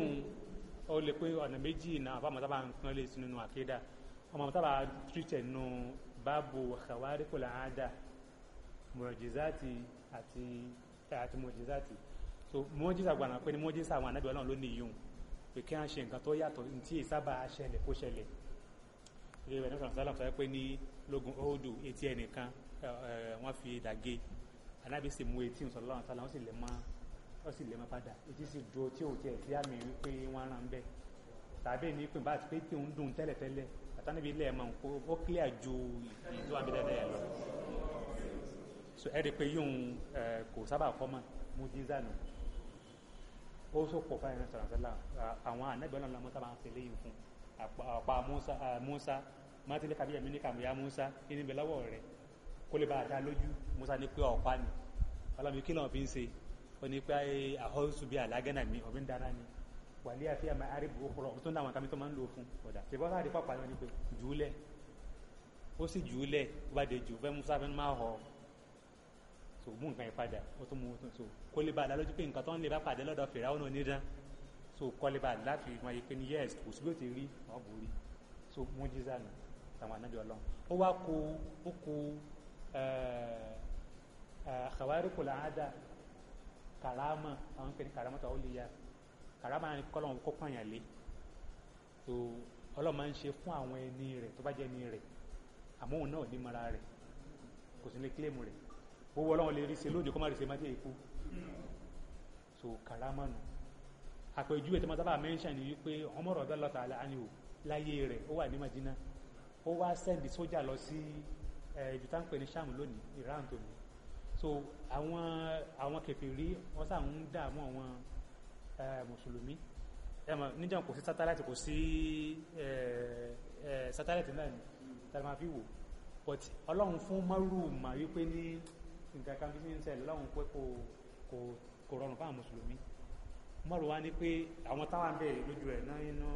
o lè pé ọ̀nà méjì náà àbámọ̀ tábà ń pín lé sínú àkédà ọmọ tábà tírìtẹ̀ nù báàbò kàwárí kò láàádà mọ̀jìzáàtì àti mọ̀jìzáàtì so mọ́jísà gbàgbà pé ni mọ́jísà àwọn anábì ọlọ́run ló ní ìyún pé kí wọ́n ṣe nǹkan tó yàtọ̀ tí ìsábà ṣẹlẹ̀ kó ṣẹlẹ̀ ilé ìwé nípa sálàm sọ pé ní lógun oòdù etí ẹnìkan wọ́n fi dàgé anábì sì mú etí ìsọ̀lọ́ àwọn sálàm ó sì lè mọ́ ó sì lè mọ́ padà etí sì dúró tí ò tiẹ̀ tí àmì wípé wọ́n rán bẹ́ẹ̀ tàbí ní pé bá ti pé tí òun dùn tẹ́lẹ̀tẹ́lẹ̀ àtàníbi ilé ẹ̀mọ́ ó clear ju ìlú abidẹ́dẹ́ yẹn lọ so ẹ̀rí pé yóò kò sábà kọ́ mọ́ mú jíza nù ó sòpò fún ẹ̀rọ sọ̀rọ̀ sọ́lá àwọn ànábì ọlọ́run lọ́mọ́sá máa ń ṣe léyìn fún àpá Musa mátìlẹ́ kàbí ẹ̀mí ní kàmúyá Musa kí níbẹ̀ lọ́wọ́ rẹ̀ kó lè bá a lójú Musa ní pé ọ̀pá ni ọlọ́mi kí lọ́n fi ń ṣe ó ní pé àhọ́sù bí àlágẹ́nà mi ọ̀bí ń dára ni wàlẹ́ àfi àmà àríbù òkúrọ̀ tó ń dáwọn kàmí tó máa ń lò fún ọ̀dà ṣèbọ́ láàrin pàpà ni wọ́n ní pé jùúlẹ̀ ó sì jùúlẹ̀ ó bá de jù fẹ́ Musa fẹ́ máa họ̀ so mú nǹkan yẹn padà ó tún so kó la bá a lálójú pé nǹkan tó ń lè bá pàdé lọ́dọ̀ so kó lè bá a láti wọn yẹ pé ní yẹ́s kò sí bí ó ti rí ọ̀bùn rí so mú jíza nù tàwọn anájọ ọlọ́run ó wá kó ó kó àkàwárí kò láàdá kàrámà àwọn ń pè ní kàrámà tó àwọn lè yá kàrámà ni kọ́lọ́run kó pààyàn so ọlọ́run máa ń ṣe fún àwọn ẹni rẹ̀ tó bá jẹ́ ẹni rẹ̀ àmọ́ náà ò mara rẹ̀ kò sí ní kílèmù rẹ̀ owó ọlọ́run lè rí se lónìí kó má rí ṣe má tí èkú so karamanu àpèjúwe tí wọ́n sábà mẹ́ńṣàn ni wípé Umar radiyallahu ta'ala anhu láyé rẹ̀ ó wà ní Madina ó wá sẹ́ndì sójà lọ sí eh, ibi tá ń pè ní Sham lónìí Iran tó ní so àwọn àwọn kèfèrí wọ́n sà ń dààmú àwọn eh, mùsùlùmí ẹmọ níjà kò sí sátáláìtì kò sí eh, sátáláìtì náà ni tàbí máa fi wò but ọlọ́run fún mọ́rù mà wípé ní nǹkan kan bí mi ń ṣẹlẹ̀ lọ́hùn pé kò kò kò rọrùn fáwọn mùsùlùmí mọ́rù wá ní pé àwọn táwọn ń bẹ̀rẹ̀ lójú rẹ̀ náà inú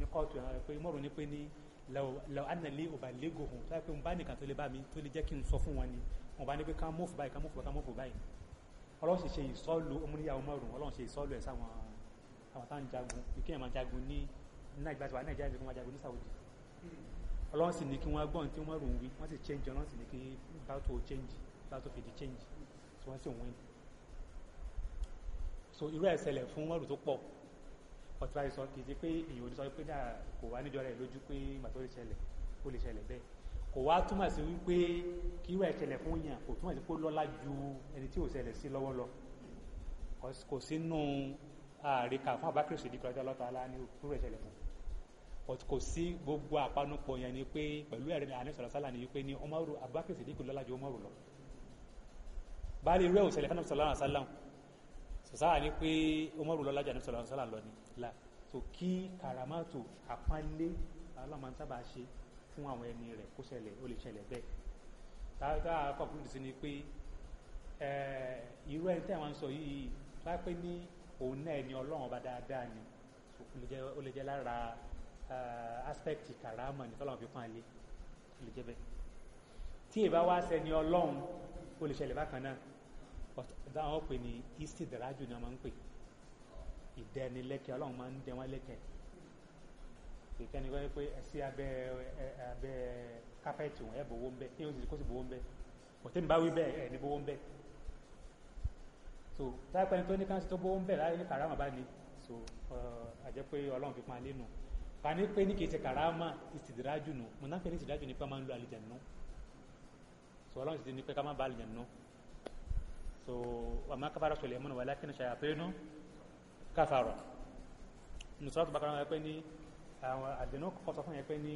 ní kóòtù rẹ̀ pé mọ́rù ní pé ní lọ ànàlẹ́ ọba lẹ́gọ̀ọ́hùn tó yẹ pé ń bá nìkan tó lè bá mi tó lè jẹ́ kí n sọ fún wọn ni wọn bá ní pé ká mọ́fù báyìí ká mọ́fù báyìí ká mọ́fù báyìí ọlọ́run ṣe ṣe ìsọ́lù ọmọnìyàwó mọ́rù ọlọ́run ṣe ìsọ́lù ẹ̀ sáwọn àwọn táwọn jagun ìkí ẹ̀ máa jagun ní nàìjíríà tí wà nàìjíríà tí jagun ní Saudi ọlọ́run sì ní kí wọ́n gbọ́n tí wọ́n ń wí wọ́n sì change ọlọ́run sì ní kí bá tó change láti fi di change tí wọ́n sì ń win so irú ẹ̀ ṣẹlẹ̀ fún mọ́rù tó pọ̀ ọ̀tún láti sọ kì í ṣe pé èèyàn ò ní sọ pé náà kò wá níjọ rẹ̀ lójú pé ìgbà tó lè ṣẹlẹ̀ ó lè ṣẹlẹ̀ bẹ́ẹ̀ kò wá túmọ̀ sí wípé kí irú ẹ̀ ṣẹlẹ̀ fún yàn kò túmọ̀ sí pé lọ́lá ju ẹni tí ò ṣẹlẹ̀ sí lọ́wọ́ lọ kò sínú àríkà fún àbákẹ́rẹ́ ṣèdí kọjá lọ́ta alá ní irú ẹ̀ ṣẹlẹ̀ fún but kò sí gbogbo àpanupọ̀ yẹn ni pé pẹ̀lú ẹ̀rí àníṣọ̀rọ̀ sálà ni wípé ni ọmọrù àbákẹ́rẹ́ ṣèdí kọjá lọ́la ju ọmọrù lọ báyìí irú ẹ̀ òṣèlè fún àmì sọ̀lá sọ̀sáà ni pé Umaru lọ́lá jà ní sọ̀lá sọ̀lá lọ ni la tó kí karamato àpánlé alámọ̀ntàbà ṣe fún àwọn ẹni rẹ̀ kó ṣẹlẹ̀ ó lè ṣẹlẹ̀ bẹ́ẹ̀ tààtà kọ̀kúrú sí ni pé irú ẹni tẹ́ wọ́n sọ yìí lápẹ́ ní òun náà ni ọlọ́run ọba dáadáa ni ó lè jẹ́ lára aspect karama ni tọ́lọ́run fi pánlé ó lè jẹ́ bẹ́ẹ̀ tí ìbá wá ṣẹni ọlọ́run ó lè ṣẹlẹ̀ bákan náà but dáhùn pè ní istidraju ni wọ́n máa ń pè ìdẹ́nilẹ́kẹ̀ ọlọ́run máa ń dẹ wọ́n lẹ́kẹ̀ ìkẹ́ni wọ́n pé sí abẹ́ abẹ́ kápẹ́ẹ̀tì wọn ẹ̀ bọ̀wọ́ ń bẹ́ ẹ̀ òsì kó sì bọ̀wọ́ ń bẹ́ òtẹ́ni bá wí bẹ́ẹ̀ ẹ̀ ní bọ̀wọ́ ń bẹ́ so táyàpẹ́ ni tó ní káńsì tó bọ̀wọ́ ń bẹ́ láyé ní kàrámà bá ní so àjẹ́ pé ọlọ́run fi pa alẹ́ nù ká ní pé ní kì í ṣe kàrámà ìsìdìrájù nù mo náà fẹ́ ní ìsìdìrájù ní pé máa ń lo àlejò nù so ọlọ́run sì ti ní pé ká má ba àlejò nù so وما كفر سليمان ولكن شياطينه كفروا nusratu bakara wọn pẹ ní àwọn àdínú kọ sọ fún yẹn pẹ ní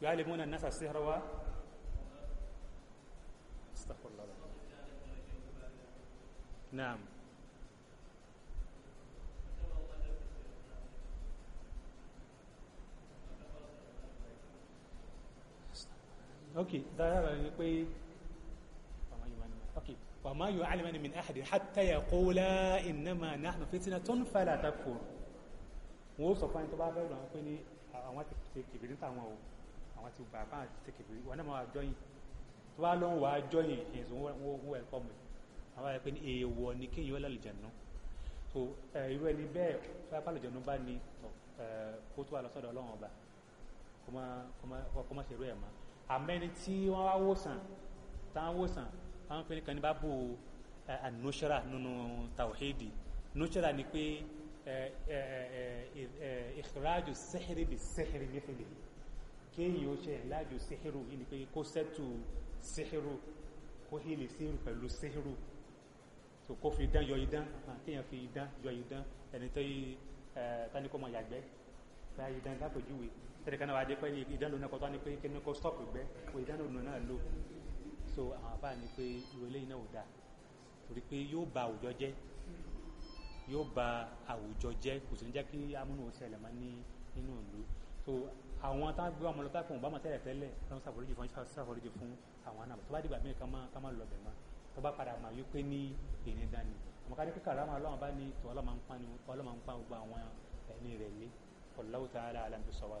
yu'allimuna an-nasa sihra wa astaghfirullah na'am ok dáadáa ni pé ok wa ma yu'allimani min ahadin hatta yaqula innama nahnu fitnatun fala takfur wọ́n sọ fún ẹni tó bá fẹ́ lọ́wọ́ pé ní àwọn ti ṣe kìbìrì táwọn o àwọn ti bàbá àti ṣe kìbìrì wọn náà máa jọyìn tó bá lọ́wọ́ wàá jọyìn ẹ̀sùn wọn ẹ̀kọ́ mi àwọn ẹ̀pẹ́ ní èèwọ̀ ni kéèyàn lálùjẹ̀ náà so irú ẹni bẹ́ẹ̀ fápálùjẹ̀ náà bá ní kó tó wà lọ́sọ̀dọ̀ ọlọ́wọ́n ọba kó má ṣe irú ẹ̀ máa àmẹ́ni tí wọ́n wá wòsàn táwọn wòsàn àwọn pẹ̀lú kan ní bá bò ànúṣẹ́ra nínú tàwíìdì núṣẹ́ra ni pé ìkìrájù sẹ́hìrì bí sẹ́hìrì nífìlì kéyìn ó ṣe ìlàjù sẹ́hìrù ní pé kó sẹ́tù sẹ́hìrù kó hìlì sẹ́hìrù pẹ̀lú sẹ́hìrù tó kó fi dán yọ idán ah, kéyàn fi idán yọ idán ẹni tó yí eh, tánikọ́ mọ̀ yàgbẹ́ bá idán lápèjúwe tẹ́lẹ̀kan náà wà dé pé ìdánlò náà kọ́tọ́ ní pé kí ní kó stop gbẹ́ kó ìdánlò náà lò so àwọn àbá ni pé irú eléyìí náà ò dáa torí pé yóò ba àwùjọ jẹ́ yóò ba àwùjọ jẹ́ kò sì ní jẹ́ kí amúnú ò máa ní nínú ìlú so àwọn tá a gbé ọmọ lọ tá a pọ̀ ń bá máa tẹ́lẹ̀ tẹ́lẹ̀ lọ́n ṣàforíjì fún ṣàforíjì fún àwọn àna tó bá dìgbà míì ká má lọ bẹ̀ mọ́ tó bá padà máa wípé ní èyí dání àmọ́ ká ní pé kàrámà ọlọ́run bá ní tó ọlọ́run máa ń pa gbogbo àwọn ẹni rẹ̀ lé Allahu ta'ala alam bis-sawab.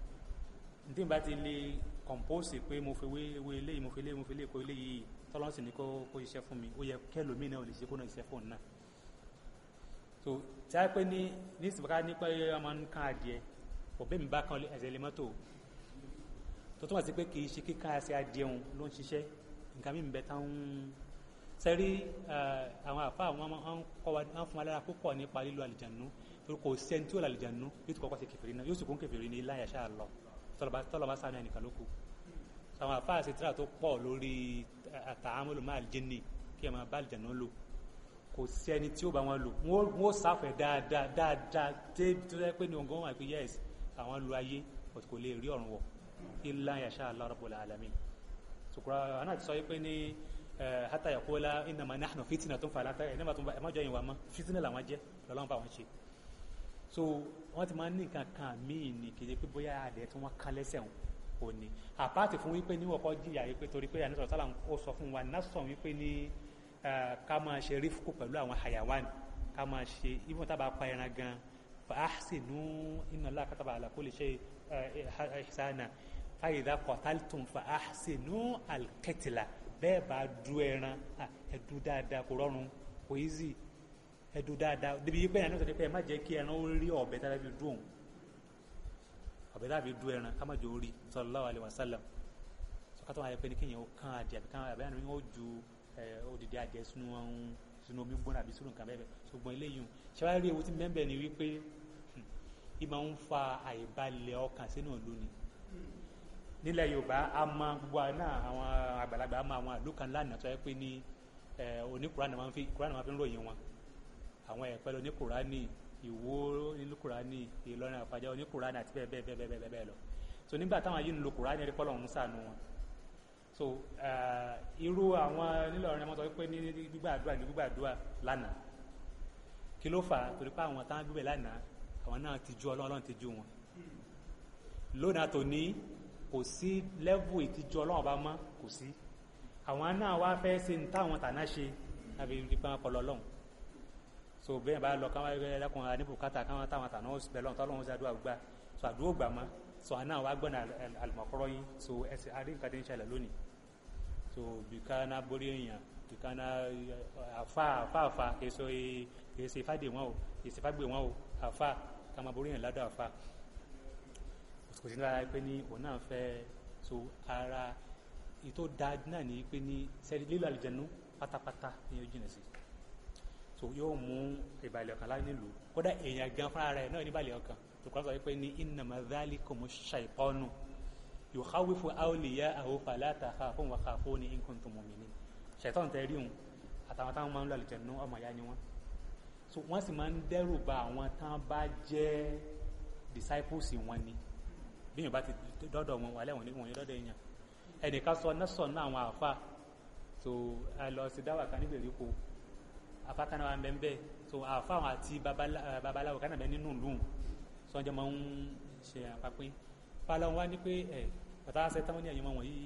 ntí bá ti lè kọ̀mpóòsì pé mo fi wé eléyìí mo fi eléyìí mo fi eléyìí kó eléyìí tọ́lọ́sì ní kó iṣẹ́ fún mi ó yẹ kẹ́lòmíì náà ò lè ṣe kó náà iṣẹ́ fóun náà so tí a pé ní ní ìsìnká nípa ọmọ nǹkan adìẹ òbí mi bá kan ẹsẹ̀ lè mọ́tò tó túmọ̀ sí pé kì í ṣe kíká ẹsẹ̀ adìẹ òun ló ń ṣiṣẹ́ nǹkan mi ń bẹ táwọn sẹ́rí àwọn àfa àwọn máa ń fún wa púpọ̀ nípa lílo àlìjànú kò sẹ́ni tí ó lọ àlìjànú yóò ti kọ́kọ́ ṣe kẹfìrí náà yóò sì kún kẹfìrí ní láyà lọ tọ́lọ́ba sànú ẹnìkan lóko àwọn àfáà ṣe tíra tó pọ̀ lórí àtàámúlò máa jẹ́ ni kí ẹ máa bá àlìjẹ̀nà lò kò sí ẹni tí ó bá wọn lò wọn ó sáfẹ̀ dáadáa dáadáa dé tó yẹ pé ní ọgọ́ wọn àìpé yẹ́s àwọn lu ayé but kò lè rí ọ̀run wọ̀ illa yasha Allah rabbul alamin tukura aná ti sọ pé ní hata yakola innama nahnu fitnatun fala taqul innama tó ń bá ẹ má jọ ìwà mọ́ fitina làwọn jẹ́ lọ́lọ́run so wọ́n ti máa ń ní nǹkan kan míì ní kéde pé bóyá adìẹ tí wọ́n kan lẹ́sẹ̀ wọn ò ní àpáàtì fún wípé ní wọ́kọ́ jìyà wípé torí pé àníṣọ́ sálà ó sọ fún wa násọ̀ wípé ní ká máa ṣe rífùkù pẹ̀lú àwọn hayawan ká máa ṣe ibùn tábà pa ẹran gan fàásìnú iná lákàtàbà àlàkó lè ṣe ìṣáná fàyèdà kọ̀tàlítùn fàásìnú alkẹtìlà bẹ́ẹ̀ bá du ẹran ẹ̀dú dáadáa kò rọrùn kò easy ẹ̀dùn dáadáa débi yí pé ẹ̀yàn náà sọ pé ẹ má jẹ́ kí ẹran ó rí ọ̀bẹ tá a fi dùn òun tá a fi dùn ẹran ká má jẹ́ orí sallallahu alaihi wasallam sọkátà wọn ayẹ pé ní kéèyàn ó kán adìẹ àbí kán àbí àná ó ju odidi adìẹ sínú ọ̀hún sínú omi gbóná àbí sínú nǹkan bẹ́ẹ̀ ṣùgbọ́n eléyìí ṣé rí ewu tí mẹ́mbẹ́ ni wípé ìmọ̀ hmm, ń fa àìbalẹ̀ ọkàn sínú ìlú ni nílẹ̀ Yorùbá a mọ gbogbo náà àwọn àgbàlagbà a mọ àwọn àlùkàn lánàá tó yẹ pé ní oní kúránà máa ń fi kúránà máa fi ń ròyìn wọn àwọn ẹ̀pẹ́ oníkùránì ìwó oníkùránì ìlọrin àpàjá oníkùránì àti bẹ́ẹ̀ bẹ́ẹ̀ bẹ́ẹ̀ bẹ́ẹ̀ bẹ́ẹ̀ lọ so nígbà táwọn yìí ń lo kùránì rí pọ́lọ̀ ń sànù wọn so uh, irú àwọn nílọrin wọn sọ pé ní gbígbàdúrà ní gbígbàdúrà lánàá kí ló fà á torí pé àwọn táwọn gbígbẹ̀ lánàá àwọn náà ti ju ọlọ́run ti ju wọn lónà tó ní kò sí lẹ́vù ìtìjú ọlọ́run bá mọ́ kò sí àwọn náà wá fẹ́ ṣe ní táwọn tàná ṣe lábẹ́ ìdígbà ọpọlọ ọlọ́run so bẹ́ẹ̀ bá lọ káwọn ẹgbẹ́ ẹlẹ́kùn aníbùkátà káwọn táwọn àtàná bẹ́ẹ̀ lọ́n tọ́lọ́hún sí àdúrà gbà so àdúró gbà má so àná wa gbọ́nà àlùmọ̀kọ́rọ́ yín so ẹsẹ̀ àrí nǹkan ń ṣẹlẹ̀ lónìí so bìkánná borí èèyàn bìkánná àfa afa afa èso èsè fàdé wọn o èsè fàgbé wọn o àfa ká máa borí èèyàn ládọ̀ afa kò sí nípa pé ní òun náà fẹ́ so ara ètò dáadáa náà ní pé ní sẹ́ni lílo àlùjànnú pátápátá ní ojú nìyẹn so yóò mú ìbàlẹ̀ ọkàn láti nílùú kódà èèyàn gan fúnra rẹ̀ náà ní ìbàlẹ̀ ọkàn tó kọ́ sọ wípé ní innama dhalikum shaytanu yukhawifu awliya'ahu fala takhafuhum wa khafuni in kuntum mu'minin ṣàìtọ́nù tẹ́ rí òun àtàwọn táwọn máa ń lọ àlùjànnú ọmọ ìyá ni wọ́n so wọ́n sì máa ń dẹ́rù ba àwọn tán bá jẹ́ disciples wọn ni bí yóò bá ti dọ́dọ̀ wọn wà lẹ́wọ̀n ní wọ̀nyí dọ́dọ̀ èèyàn ẹnìkan sọ nẹ́sọ̀ náà àwọn àfa so a lọ sí dáwà kan níbẹ̀ rí ko afa kan wa bẹ́ẹ̀ so afa wọn babala eh, babala kan náà bẹ́ẹ̀ nínú ìlú so wọn jẹ́ máa ń ṣe àpapẹ́ falawọn wá ní pé ẹ eh, bàtà ṣe táwọn ní ẹ̀yìn wọn wọ̀nyí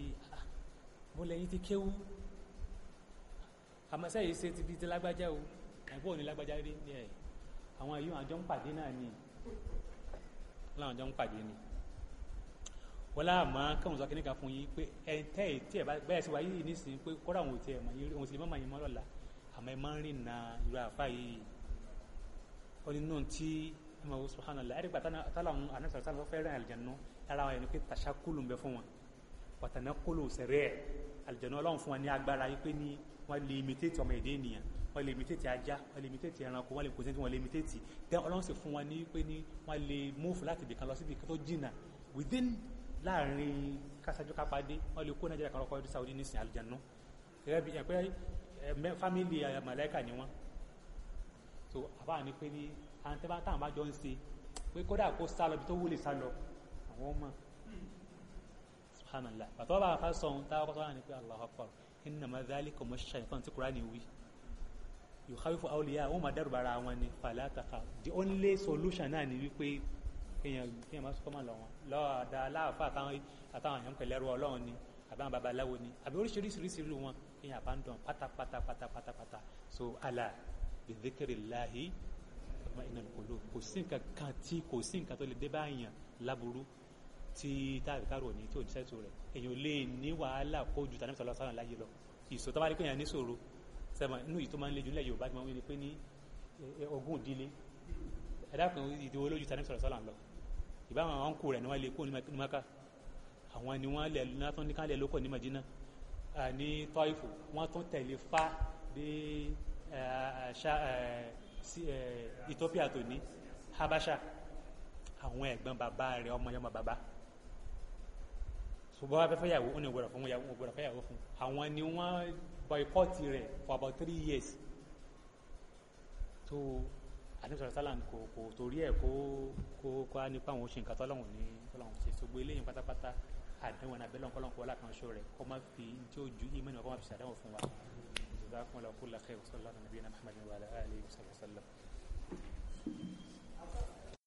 bọ́lẹ̀ ah, yìí ti kéwú àmọ́sẹ́ yìí ṣe ti bí ti lágbájá o ẹ̀gbọ́n ò ní lágbájá rí ní ẹ̀ àwọn èyí àjọ ń pàdé náà ni la àjọ ń pàdé ni wọ́n láàmú káwọn sọ kíníkà fún yín pé ẹ̀ tẹ́ ẹ̀ tí ẹ̀ bá bẹ́ẹ̀ sí wáyé nísìnyí pé kọ́ra òun ti ẹ̀ mọ̀ òun sì lè má máa yín mọ́ lọ́la àmọ́ ẹ máa ń rìn na irú àfa yìí ó ní nù tí ẹ máa wọ subhanallah ẹ̀rí pàtàkì táwọn anásọ̀rọ̀ sáà fẹ́ rìn àlìjánu lára wọn ẹni pé tàṣà kúlù ń bẹ fún wọn pàtàkì kúlù sẹ̀rẹ̀ àlìjánu ọlọ́run fún wọn ní agbára yìí pé ní wọ́n lè imitate ọmọ èdè ènìyàn wọ́n lè imitate ajá wọ́n lè imitate ẹranko wọ́n lè kò sẹ́ni wọ́n lè imitate then ọlọ́run sì fún wọn ní pé ní wọ́n lè move láti ibìkan lọ sí ibìkan tó jìnnà within láàrin kásájú kápadé wọ́n lè kó nàìjíríà kan lọ́kọ́ ọdún sáwọ́dí nísìnyí àlìjánu gẹ́gẹ́ bí ẹ̀pẹ́ fámìlì eh, màláíkà eh, ni wọ́n so àbá ni pé ní àǹtẹ́bá táwọn bá jọ ń ṣe pé kódà kó sá lọ bí tó wúlè sá lọ àwọn ọmọ subhanallah bàtà wà bá wà fà sọ ohun táwọn kọ́tọ́ wà ní pé Allahu akbar innama dhalikum ash-shaytan tí Kùránì wí yukhawifu awliya àwọn ọmọ dẹ́rù bara wọn ni fala taqa the only solution náà ni wípé kéèyàn kéèyàn má sọ́kọ́ má lọ wọn lọ́ọ̀dà aláàfáà àtàwọn èèyàn pẹ̀lẹ́rù ọlọ́run ni àbáwọn babaláwo ni àbí oríṣiríṣiríṣi lù wọn abandon pata pata pata pata pata so ala bi dhikrillahi ma'inal qulub kò sí nǹkan kan tí kò sí nǹkan tó lè dé báyàn láburú tí táàbí kárò ní tí ò ní sẹ́tù rẹ̀ èèyàn lè ní wàhálà kó ju tàbí sọlọ sọlọ láyé lọ ìṣó tó bá rí pé èèyàn ní ṣòro sẹ́mọ̀ inú yìí tó máa ń le jù nílẹ̀ Yorùbá ti máa ń wí ni pé ní e, e, ogún ìdílé ẹ̀dá kan ìdíwọ́ lójú tàbí sọlọ sọlọ lọ ìbáwọn àwọn ọkùnrin rẹ̀ ni wọ́n lè kó ní Mákà àwọn ni wọ́n lẹ̀ lọ́tọ́ ní kálẹ̀ lóko ní Madina ní tọ́ìfù wọ́n tún tẹ̀lé fá dé Ethiopia tó ní Habasha àwọn ẹ̀gbọ́n bàbá rẹ̀ ọmọ yọmọ bàbá ṣùgbọ́n wọ́n fẹ́fẹ́ yàwó ní ògbọ̀rọ̀ fún ògbọ̀rọ̀ fẹ́ yàwó fún àwọn ni wọ́n boycott rẹ̀ for about three years tó àdínsọ̀rọ̀ sálàm kò kò torí ẹ̀ kó kó kó á nípa àwọn oṣù nǹkan tọ́lọ́hùn ní tọ́lọ́hùn ṣe ṣogbo eléyìí pátápátá àdéhùn náà bẹ́lẹ̀ ọ̀pọ̀lọpọ̀ alákan ṣó rẹ̀ kó má fi tí ó ju ìmọ̀ ìwọ̀n fi ṣàdánwò fún wa jazakumullahu khairan sallallahu alaihi wa sallam